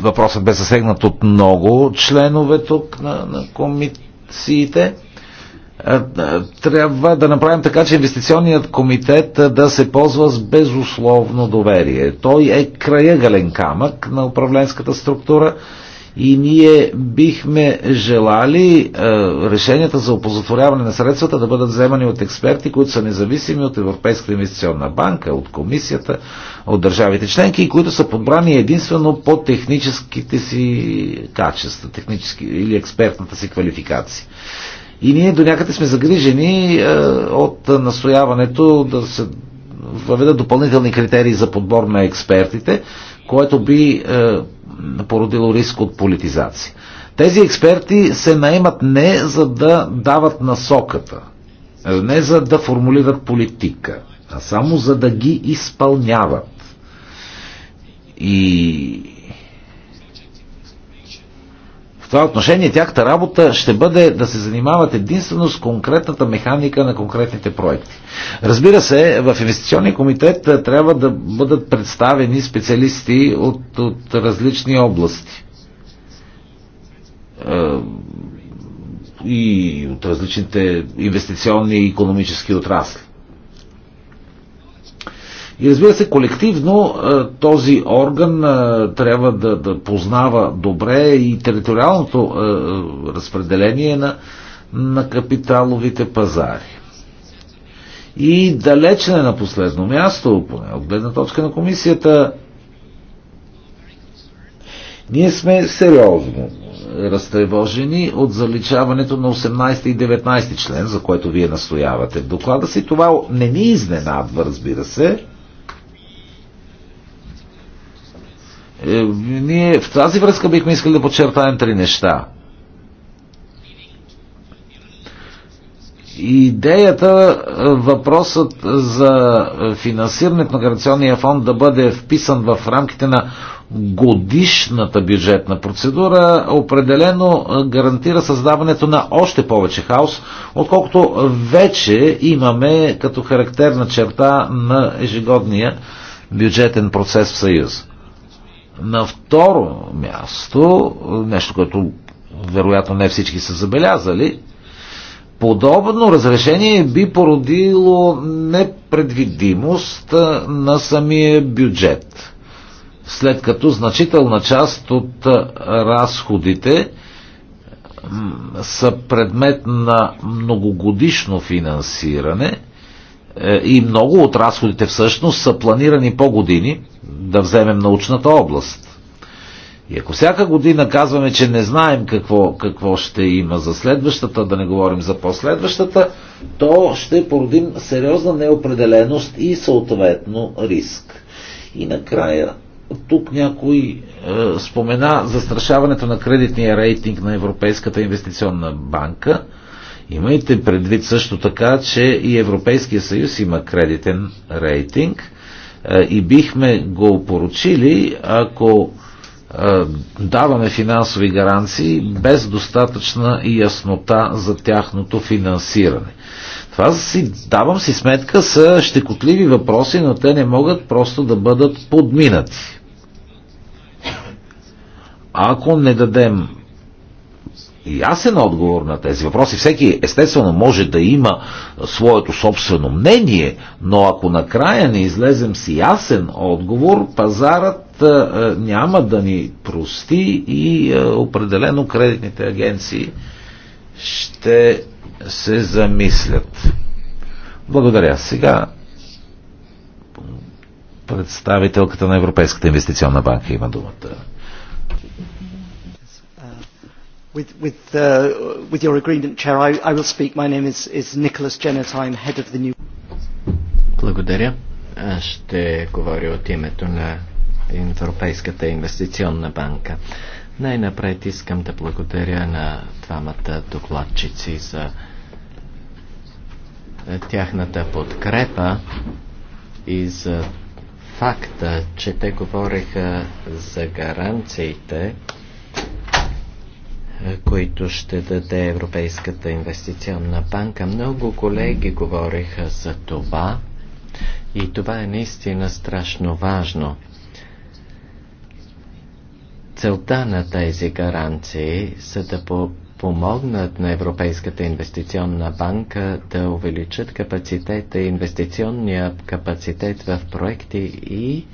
Въпросът бе засегнат от много членове тук на, на комисиите трябва да направим така, че инвестиционният комитет да се ползва с безусловно доверие. Той е краягален камък на управленската структура и ние бихме желали е, решенията за опозотворяване на средствата да бъдат вземани от експерти, които са независими от Европейската инвестиционна банка, от комисията, от държавите членки и които са подбрани единствено по техническите си качества, технически или експертната си квалификация. И ние до някъде сме загрижени е, от настояването да се въведат допълнителни критерии за подбор на експертите, което би е, породило риск от политизация. Тези експерти се наемат не за да дават насоката, не за да формулират политика, а само за да ги изпълняват. И в това отношение тяхта работа ще бъде да се занимават единствено с конкретната механика на конкретните проекти. Разбира се, в инвестиционния комитет е, трябва да бъдат представени специалисти от, от различни области е, и от различните инвестиционни и економически отрасли. И разбира се, колективно е, този орган е, трябва да, да познава добре и териториалното е, разпределение на, на капиталовите пазари. И далеч не на последно място, поне от гледна точка на комисията, ние сме сериозно разтревожени от заличаването на 18 и 19 член, за което вие настоявате в доклада си. Това не ни изненадва, разбира се, Е, ние в тази връзка бихме искали да подчертаем три неща. Идеята, е, въпросът за финансирането на гаранционния фонд да бъде вписан в рамките на годишната бюджетна процедура определено е, гарантира създаването на още повече хаос, отколкото вече имаме като характерна черта на ежегодния бюджетен процес в Съюз. На второ място, нещо, което вероятно не всички са забелязали, подобно разрешение би породило непредвидимост на самия бюджет, след като значителна част от разходите са предмет на многогодишно финансиране е, и много от разходите всъщност са планирани по години – да вземем научната област. И ако всяка година казваме, че не знаем какво, какво ще има за следващата, да не говорим за последващата, то ще породим сериозна неопределеност и съответно риск. И накрая, тук някой е, спомена застрашаването на кредитния рейтинг на Европейската инвестиционна банка. Имайте предвид също така, че и Европейския съюз има кредитен рейтинг – е, и бихме го поручили, ако е, даваме финансови гаранции без достатъчна яснота за тяхното финансиране. Това си, давам си сметка, са щекотливи въпроси, но те не могат просто да бъдат подминати. Ако не дадем ясен отговор на тези въпроси. Всеки естествено може да има своето собствено мнение, но ако накрая не излезем с ясен отговор, пазарът е, е, няма да ни прости и е, определено кредитните агенции ще се замислят. Благодаря. Сега представителката на Европейската инвестиционна банка има думата. With, with, uh, with your agreement, Chair, I, I will speak. My name is, is Nicholas Jennett. I'm head of the new... Благодаря. ще говоря от името на Европейската инвестиционна банка. Най-напред искам да благодаря на двамата докладчици за тяхната подкрепа и за факта, че те говориха за гаранциите е, които ще даде Европейската инвестиционна банка. Много колеги говориха за това и това е наистина страшно важно. Целта на тези гаранции са да по помогнат на Европейската инвестиционна банка да увеличат капацитета и инвестиционния капацитет в проекти и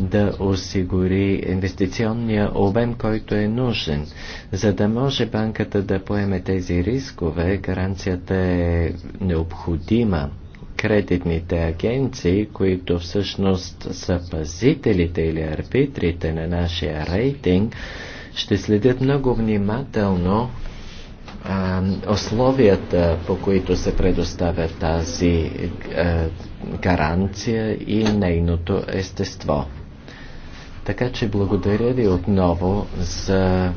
да осигури инвестиционния обем, който е нужен. За да може банката да поеме тези рискове, гаранцията е необходима. Кредитните агенции, които всъщност са пазителите или арбитрите на нашия рейтинг, ще следят много внимателно а, условията, по които се предоставя тази а, гаранция и нейното естество. Така че благодаря ви отново за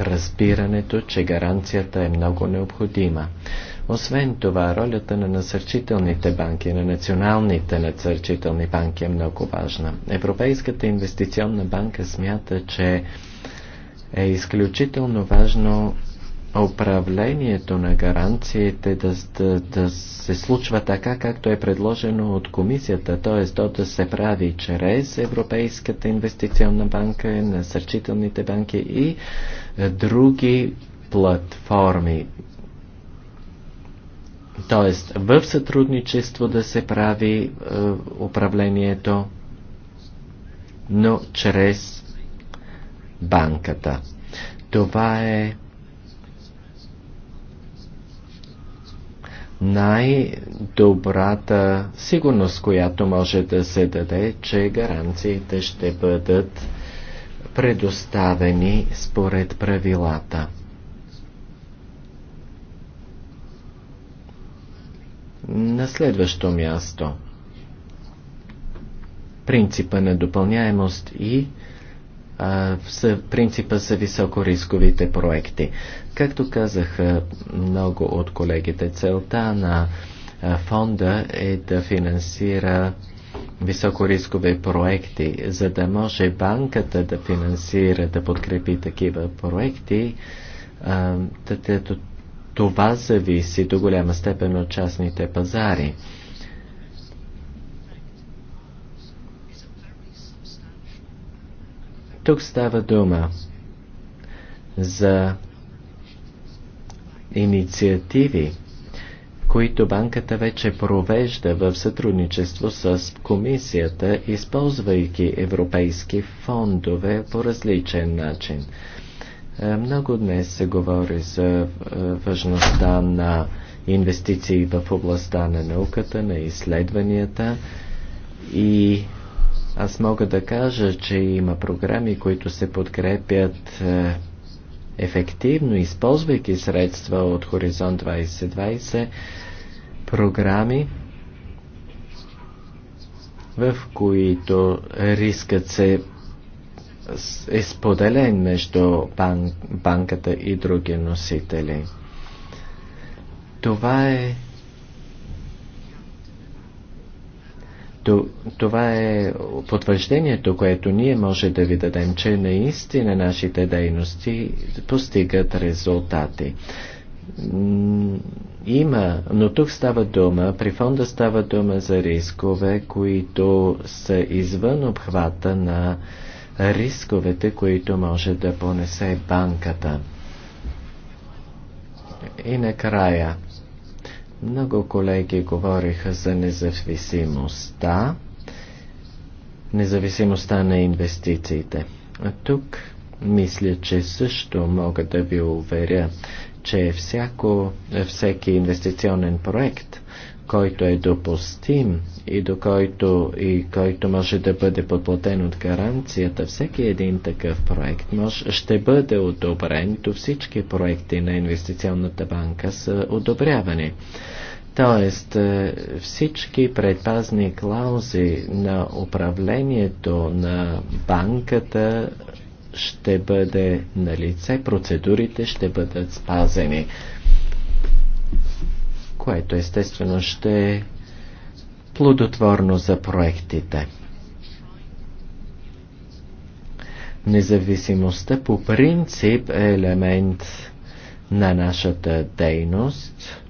разбирането, че гаранцията е много необходима. Освен това, ролята на насърчителните банки, на националните насърчителни банки е много важна. Европейската инвестиционна банка смята, че е изключително важно управлението на гаранциите да, да, да се случва така, както е предложено от комисията, т.е. то да се прави чрез Европейската инвестиционна банка, насърчителните банки и е, други платформи. Тоест, в сътрудничество да се прави е, управлението, но чрез банката. Това е най-добрата сигурност, която може да се даде, че гаранциите ще бъдат предоставени според правилата. На следващо място принципа на допълняемост и в принципа са високорисковите проекти. Както казах много от колегите, целта на фонда е да финансира високорискови проекти, за да може банката да финансира, да подкрепи такива проекти. Това зависи до голяма степен от частните пазари. Тук става дума за инициативи, които банката вече провежда в сътрудничество с комисията, използвайки европейски фондове по различен начин. Е, много днес се говори за е, важността на инвестиции в областта на науката, на изследванията и аз мога да кажа, че има програми, които се подкрепят е, ефективно, използвайки средства от Хоризонт 2020, програми, в които рискът се е споделен между банк, банката и други носители. Това е Това е потвърждението, което ние може да ви дадем, че наистина нашите дейности постигат резултати. Има, но тук става дума, при фонда става дума за рискове, които са извън обхвата на рисковете, които може да понесе банката. И накрая, много колеги говориха за независимостта, независимостта на инвестициите. А тук мисля, че също мога да ви уверя, че всяко, всеки инвестиционен проект който е допустим и до който, и който може да бъде подплатен от гаранцията, всеки един такъв проект може, ще бъде одобрен до всички проекти на инвестиционната банка са одобрявани. Тоест е, всички предпазни клаузи на управлението на банката ще бъде на лице, процедурите ще бъдат спазени което естествено ще е плодотворно за проектите. Независимостта по принцип е елемент на нашата дейност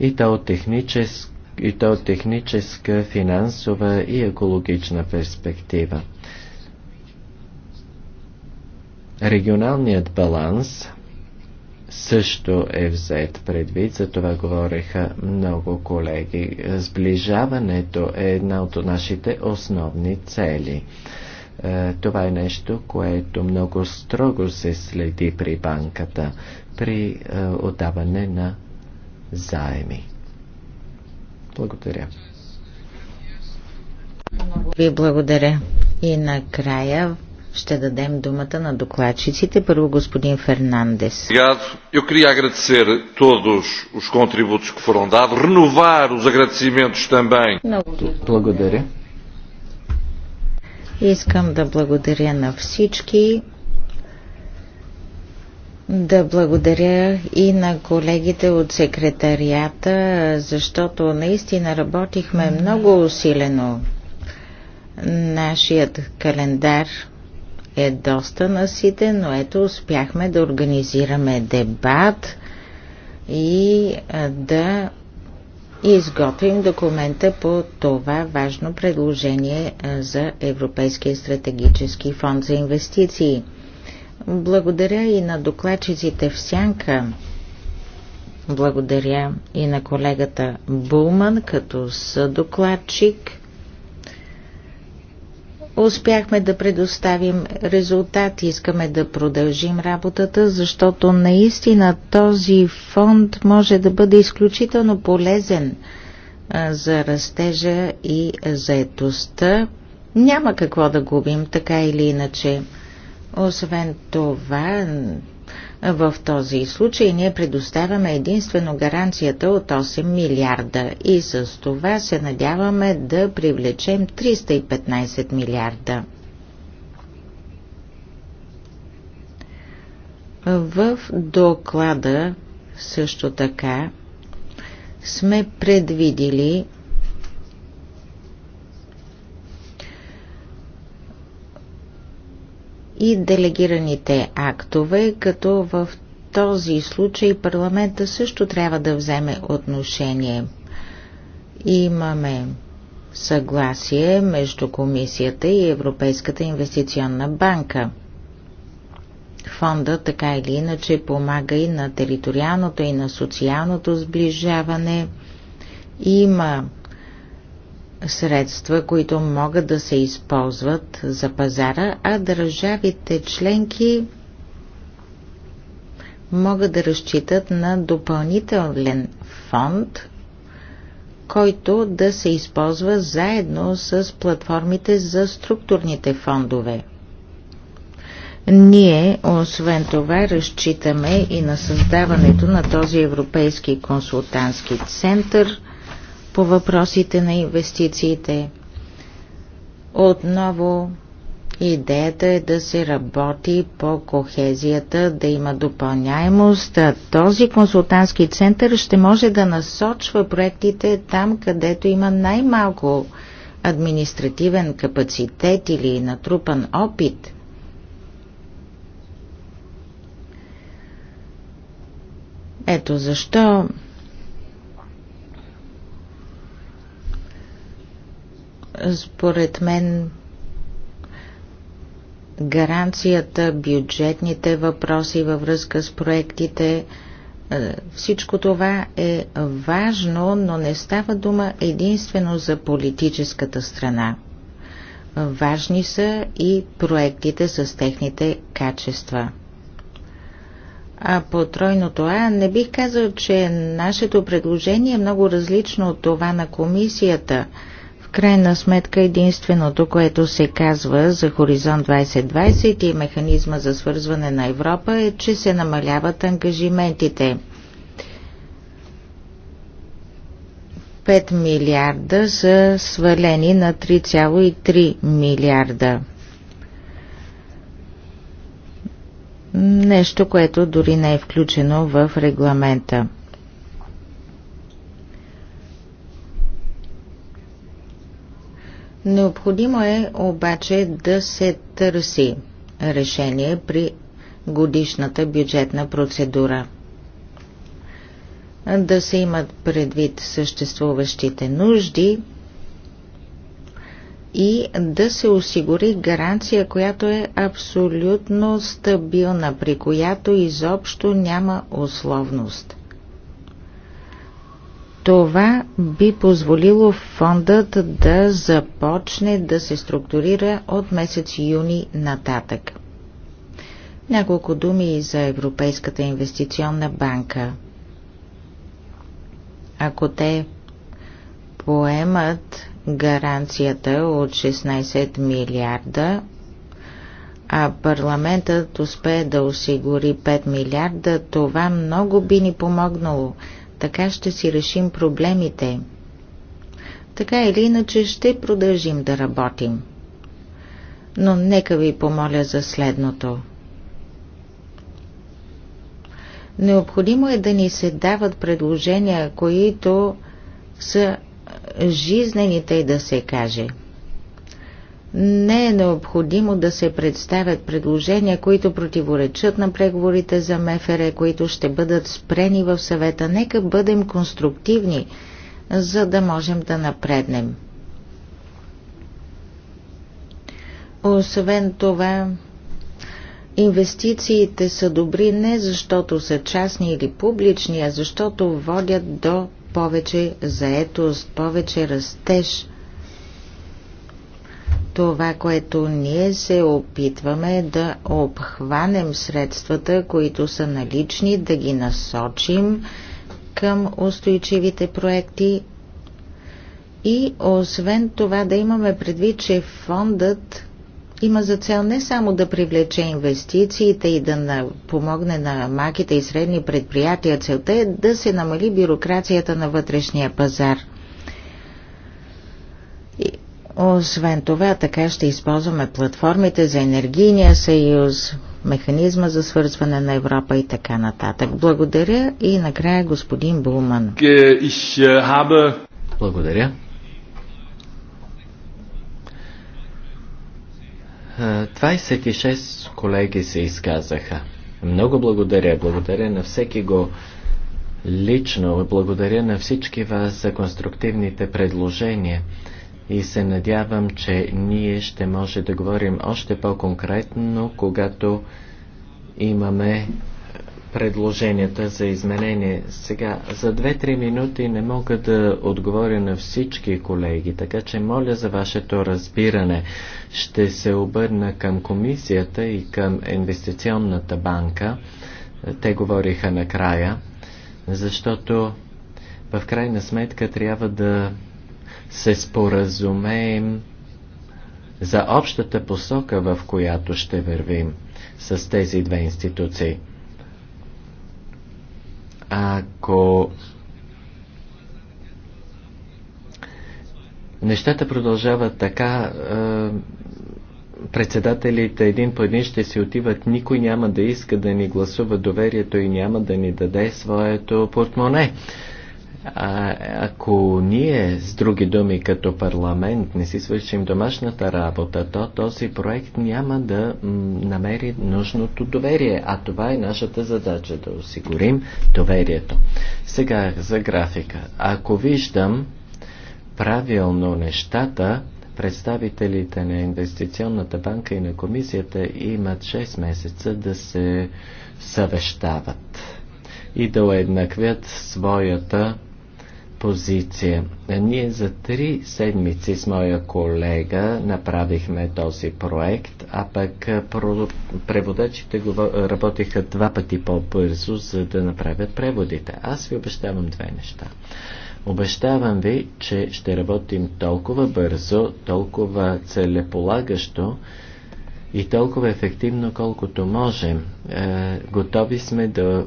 и то от техническа, и то от техническа финансова и екологична перспектива. Регионалният баланс – също е взет предвид, за това говореха много колеги. Сближаването е една от нашите основни цели. Е, това е нещо, което много строго се следи при банката, при е, отдаване на заеми. Благодаря. ви благодаря. И накрая ще дадем думата на докладчиците. Първо господин Фернандес. Eu queria agradecer todos os contributos que foram dados, renovar os agradecimentos também. Благодаря. Искам да благодаря на всички. Да благодаря и на колегите от секретарията, защото наистина работихме много усилено. Нашият календар е доста наситен, но ето успяхме да организираме дебат и да изготвим документа по това важно предложение за Европейския стратегически фонд за инвестиции. Благодаря и на докладчиците в Сянка. Благодаря и на колегата Булман като съдокладчик – успяхме да предоставим резултат. Искаме да продължим работата, защото наистина този фонд може да бъде изключително полезен за растежа и заетостта. Няма какво да губим, така или иначе. Освен това, в този случай ние предоставяме единствено гаранцията от 8 милиарда и с това се надяваме да привлечем 315 милиарда. В доклада също така сме предвидили и делегираните актове, като в този случай парламента също трябва да вземе отношение. Имаме съгласие между комисията и Европейската инвестиционна банка. Фонда така или иначе помага и на териториалното и на социалното сближаване. Има средства, които могат да се използват за пазара, а държавите членки могат да разчитат на допълнителен фонд, който да се използва заедно с платформите за структурните фондове. Ние, освен това, разчитаме и на създаването на този Европейски консултантски център – по въпросите на инвестициите. Отново идеята е да се работи по кохезията, да има допълняемост. Този консултантски център ще може да насочва проектите там, където има най-малко административен капацитет или натрупан опит. Ето защо Според мен гаранцията, бюджетните въпроси във връзка с проектите, е, всичко това е важно, но не става дума единствено за политическата страна. Важни са и проектите с техните качества. А по тройното А не бих казал, че нашето предложение е много различно от това на комисията – крайна сметка единственото, което се казва за Хоризонт 2020 и механизма за свързване на Европа е, че се намаляват ангажиментите. 5 милиарда са свалени на 3,3 милиарда. Нещо, което дори не е включено в регламента. Необходимо е обаче да се търси решение при годишната бюджетна процедура. Да се имат предвид съществуващите нужди и да се осигури гаранция, която е абсолютно стабилна, при която изобщо няма условност. Това би позволило фондът да започне да се структурира от месец юни нататък. Няколко думи и за Европейската инвестиционна банка. Ако те поемат гаранцията от 16 милиарда, а парламентът успее да осигури 5 милиарда, това много би ни помогнало – така ще си решим проблемите. Така или иначе ще продължим да работим. Но нека ви помоля за следното. Необходимо е да ни се дават предложения, които са жизнените да се каже – не е необходимо да се представят предложения, които противоречат на преговорите за МФР, които ще бъдат спрени в съвета. Нека бъдем конструктивни, за да можем да напреднем. Освен това, инвестициите са добри не защото са частни или публични, а защото водят до повече заетост, повече растеж. Това, което ние се опитваме е да обхванем средствата, които са налични, да ги насочим към устойчивите проекти и освен това да имаме предвид, че фондът има за цел не само да привлече инвестициите и да на, помогне на малките и средни предприятия, целта е да се намали бюрокрацията на вътрешния пазар. Освен това, така ще използваме платформите за енергийния съюз, механизма за свързване на Европа и така нататък. Благодаря и накрая господин Булман. Е, благодаря. Uh, е, 26 колеги се изказаха. Много благодаря. Благодаря на всеки го лично. Благодаря на всички вас за конструктивните предложения и се надявам, че ние ще може да говорим още по-конкретно, когато имаме предложенията за изменение. Сега, за 2-3 минути не мога да отговоря на всички колеги, така че моля за вашето разбиране. Ще се обърна към комисията и към инвестиционната банка. Те говориха накрая, защото в крайна сметка трябва да се споразумеем за общата посока, в която ще вървим с тези две институции. Ако нещата продължават така, е, председателите един по един ще си отиват, никой няма да иска да ни гласува доверието и няма да ни даде своето портмоне. А, ако ние, с други думи, като парламент не си свършим домашната работа, то този проект няма да намери нужното доверие. А това е нашата задача да осигурим доверието. Сега за графика. Ако виждам правилно нещата, представителите на Инвестиционната банка и на комисията имат 6 месеца да се съвещават и да уеднаквят своята позиция. Ние за три седмици с моя колега направихме този проект, а пък преводачите работиха два пъти по-бързо, за да направят преводите. Аз ви обещавам две неща. Обещавам ви, че ще работим толкова бързо, толкова целеполагащо, и толкова ефективно, колкото можем. Е, готови сме да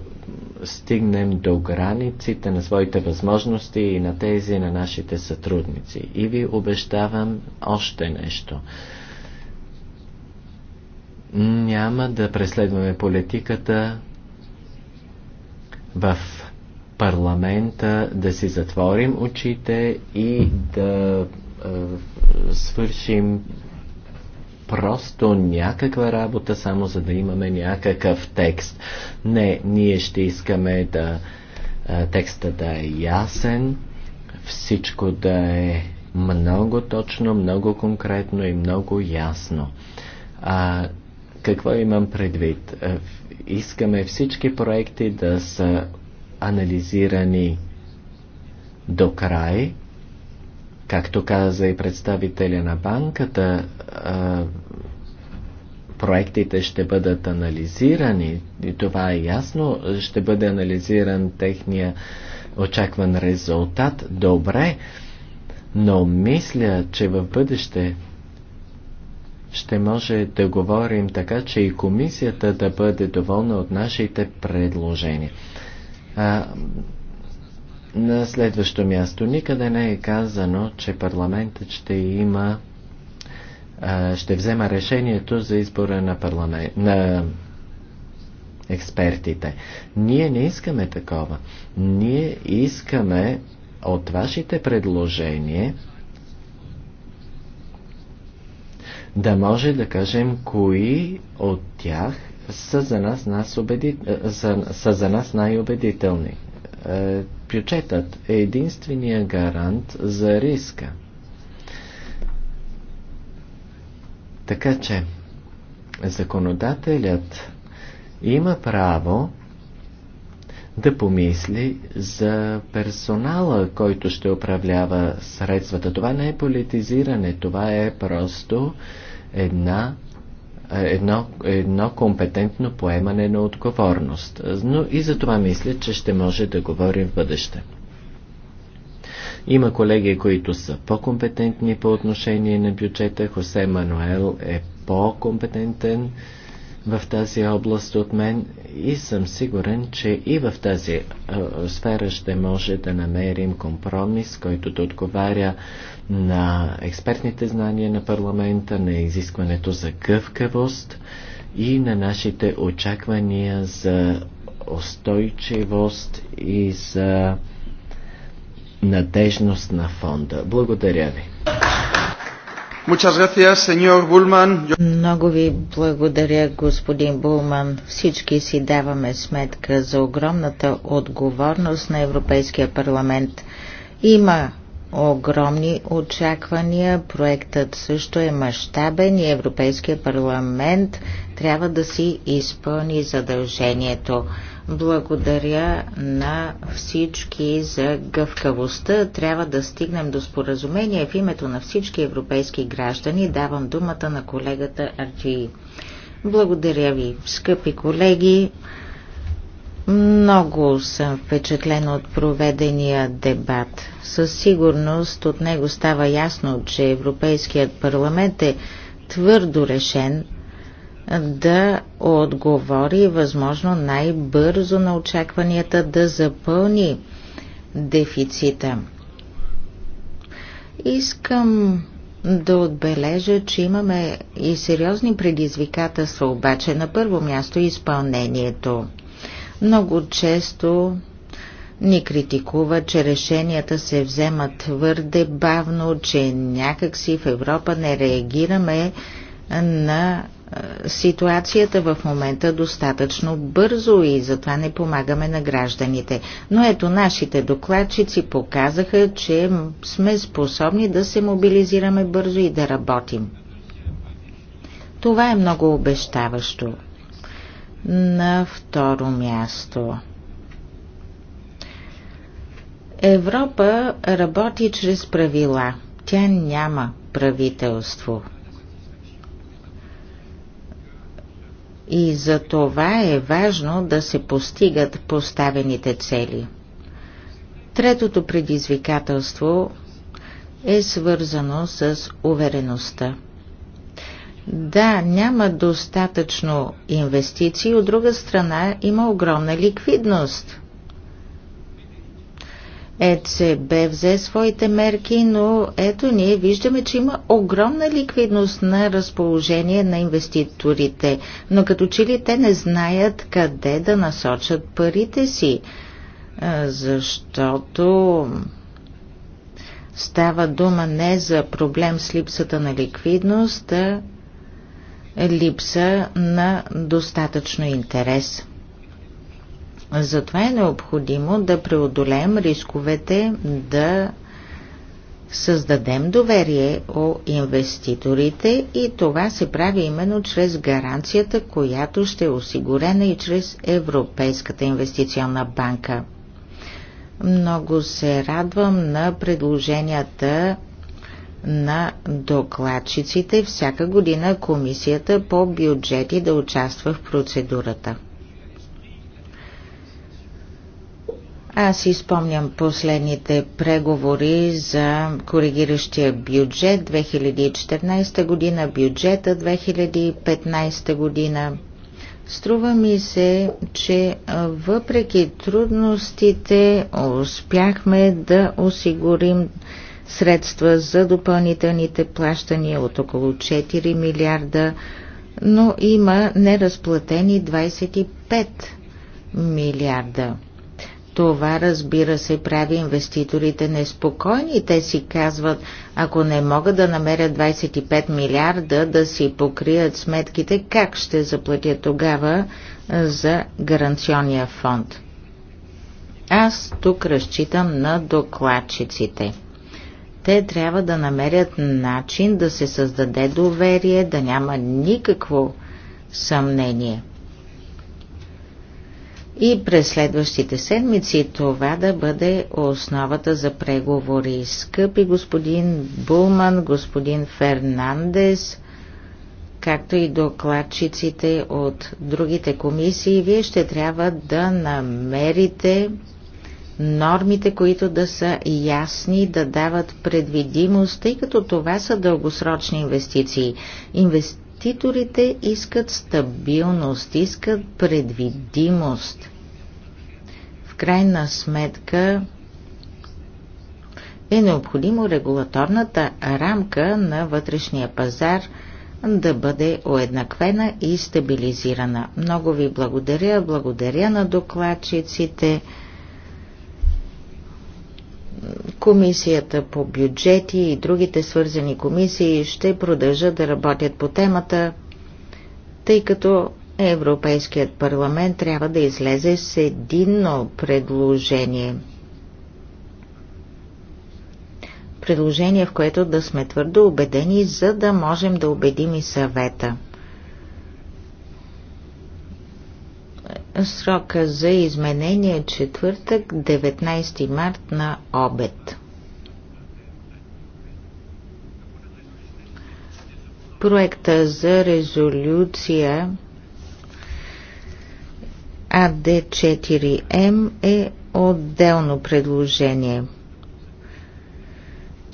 стигнем до границите на своите възможности и на тези на нашите сътрудници. И ви обещавам още нещо. Няма да преследваме политиката в парламента, да си затворим очите и да свършим просто някаква работа, само за да имаме някакъв текст. Не, ние ще искаме да текста да е ясен, всичко да е много точно, много конкретно и много ясно. А, какво имам предвид? Искаме всички проекти да са анализирани до край, Както каза и представителя на банката, проектите ще бъдат анализирани, и това е ясно, ще бъде анализиран техния очакван резултат добре, но мисля, че в бъдеще ще може да говорим така, че и комисията да бъде доволна от нашите предложения. На следващо място, никъде не е казано, че парламентът ще има ще взема решението за избора на, парламент, на експертите. Ние не искаме такова. Ние искаме от вашите предложения да може да кажем кои от тях са за нас, нас убеди... са, са за нас най-убедителни. Е, бюджетът е единствения гарант за риска. Така че законодателят има право да помисли за персонала, който ще управлява средствата. Това не е политизиране, това е просто една едно, едно компетентно поемане на отговорност. Но и за това мисля, че ще може да говорим в бъдеще. Има колеги, които са по-компетентни по отношение на бюджета. Хосе Мануел е по-компетентен в тази област от мен и съм сигурен, че и в тази а, сфера ще може да намерим компромис, който да отговаря на експертните знания на парламента, на изискването за гъвкавост и на нашите очаквания за устойчивост и за надежност на фонда. Благодаря ви. Много ви благодаря, господин Булман. Всички си даваме сметка за огромната отговорност на Европейския парламент. Има огромни очаквания. Проектът също е мащабен и Европейския парламент трябва да си изпълни задължението. Благодаря на всички за гъвкавостта. Трябва да стигнем до споразумение в името на всички европейски граждани. Давам думата на колегата Арджии. Благодаря ви, скъпи колеги. Много съм впечатлена от проведения дебат. Със сигурност от него става ясно, че Европейският парламент е твърдо решен да отговори възможно най-бързо на очакванията да запълни дефицита. Искам да отбележа, че имаме и сериозни предизвикателства, обаче на първо място изпълнението. Много често ни критикува, че решенията се вземат твърде бавно, че някакси в Европа не реагираме на ситуацията в момента достатъчно бързо и затова не помагаме на гражданите. Но ето нашите докладчици показаха, че сме способни да се мобилизираме бързо и да работим. Това е много обещаващо. На второ място – Европа работи чрез правила. Тя няма правителство. И за това е важно да се постигат поставените цели. Третото предизвикателство е свързано с увереността. Да, няма достатъчно инвестиции, от друга страна има огромна ликвидност – ЕЦБ взе своите мерки, но ето ние виждаме, че има огромна ликвидност на разположение на инвеститорите, но като че ли те не знаят къде да насочат парите си, защото става дума не за проблем с липсата на ликвидност, а липса на достатъчно интерес. Затова е необходимо да преодолеем рисковете да създадем доверие у инвеститорите и това се прави именно чрез гаранцията, която ще е осигурена и чрез Европейската инвестиционна банка. Много се радвам на предложенията на докладчиците всяка година комисията по бюджети да участва в процедурата. Аз си спомням последните преговори за коригиращия бюджет 2014 година, бюджета 2015 година. Струва ми се, че въпреки трудностите успяхме да осигурим средства за допълнителните плащания от около 4 милиарда, но има неразплатени 25 милиарда. Това, разбира се, прави инвеститорите неспокойни. Те си казват, ако не могат да намерят 25 милиарда да си покрият сметките, как ще заплатят тогава за гаранционния фонд? Аз тук разчитам на докладчиците. Те трябва да намерят начин да се създаде доверие, да няма никакво съмнение – и през следващите седмици това да бъде основата за преговори. Скъпи господин Булман, господин Фернандес, както и докладчиците от другите комисии, вие ще трябва да намерите нормите, които да са ясни, да дават предвидимост, тъй като това са дългосрочни инвестиции. Инвестиции Инвеститорите искат стабилност, искат предвидимост. В крайна сметка е необходимо регулаторната рамка на вътрешния пазар да бъде уеднаквена и стабилизирана. Много ви благодаря, благодаря на докладчиците. Комисията по бюджети и другите свързани комисии ще продължат да работят по темата, тъй като Европейският парламент трябва да излезе с единно предложение. Предложение, в което да сме твърдо убедени, за да можем да убедим и съвета. Срока за изменение е четвъртък, 19 март на обед. Проекта за резолюция АД4М е отделно предложение –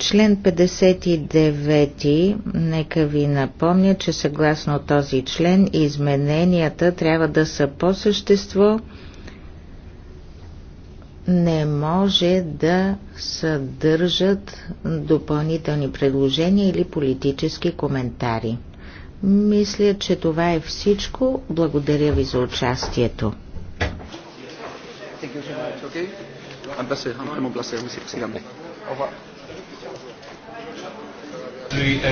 Член 59, нека ви напомня, че съгласно този член измененията трябва да са по същество, не може да съдържат допълнителни предложения или политически коментари. Мисля, че това е всичко. Благодаря ви за участието. Thank you so much. Okay? three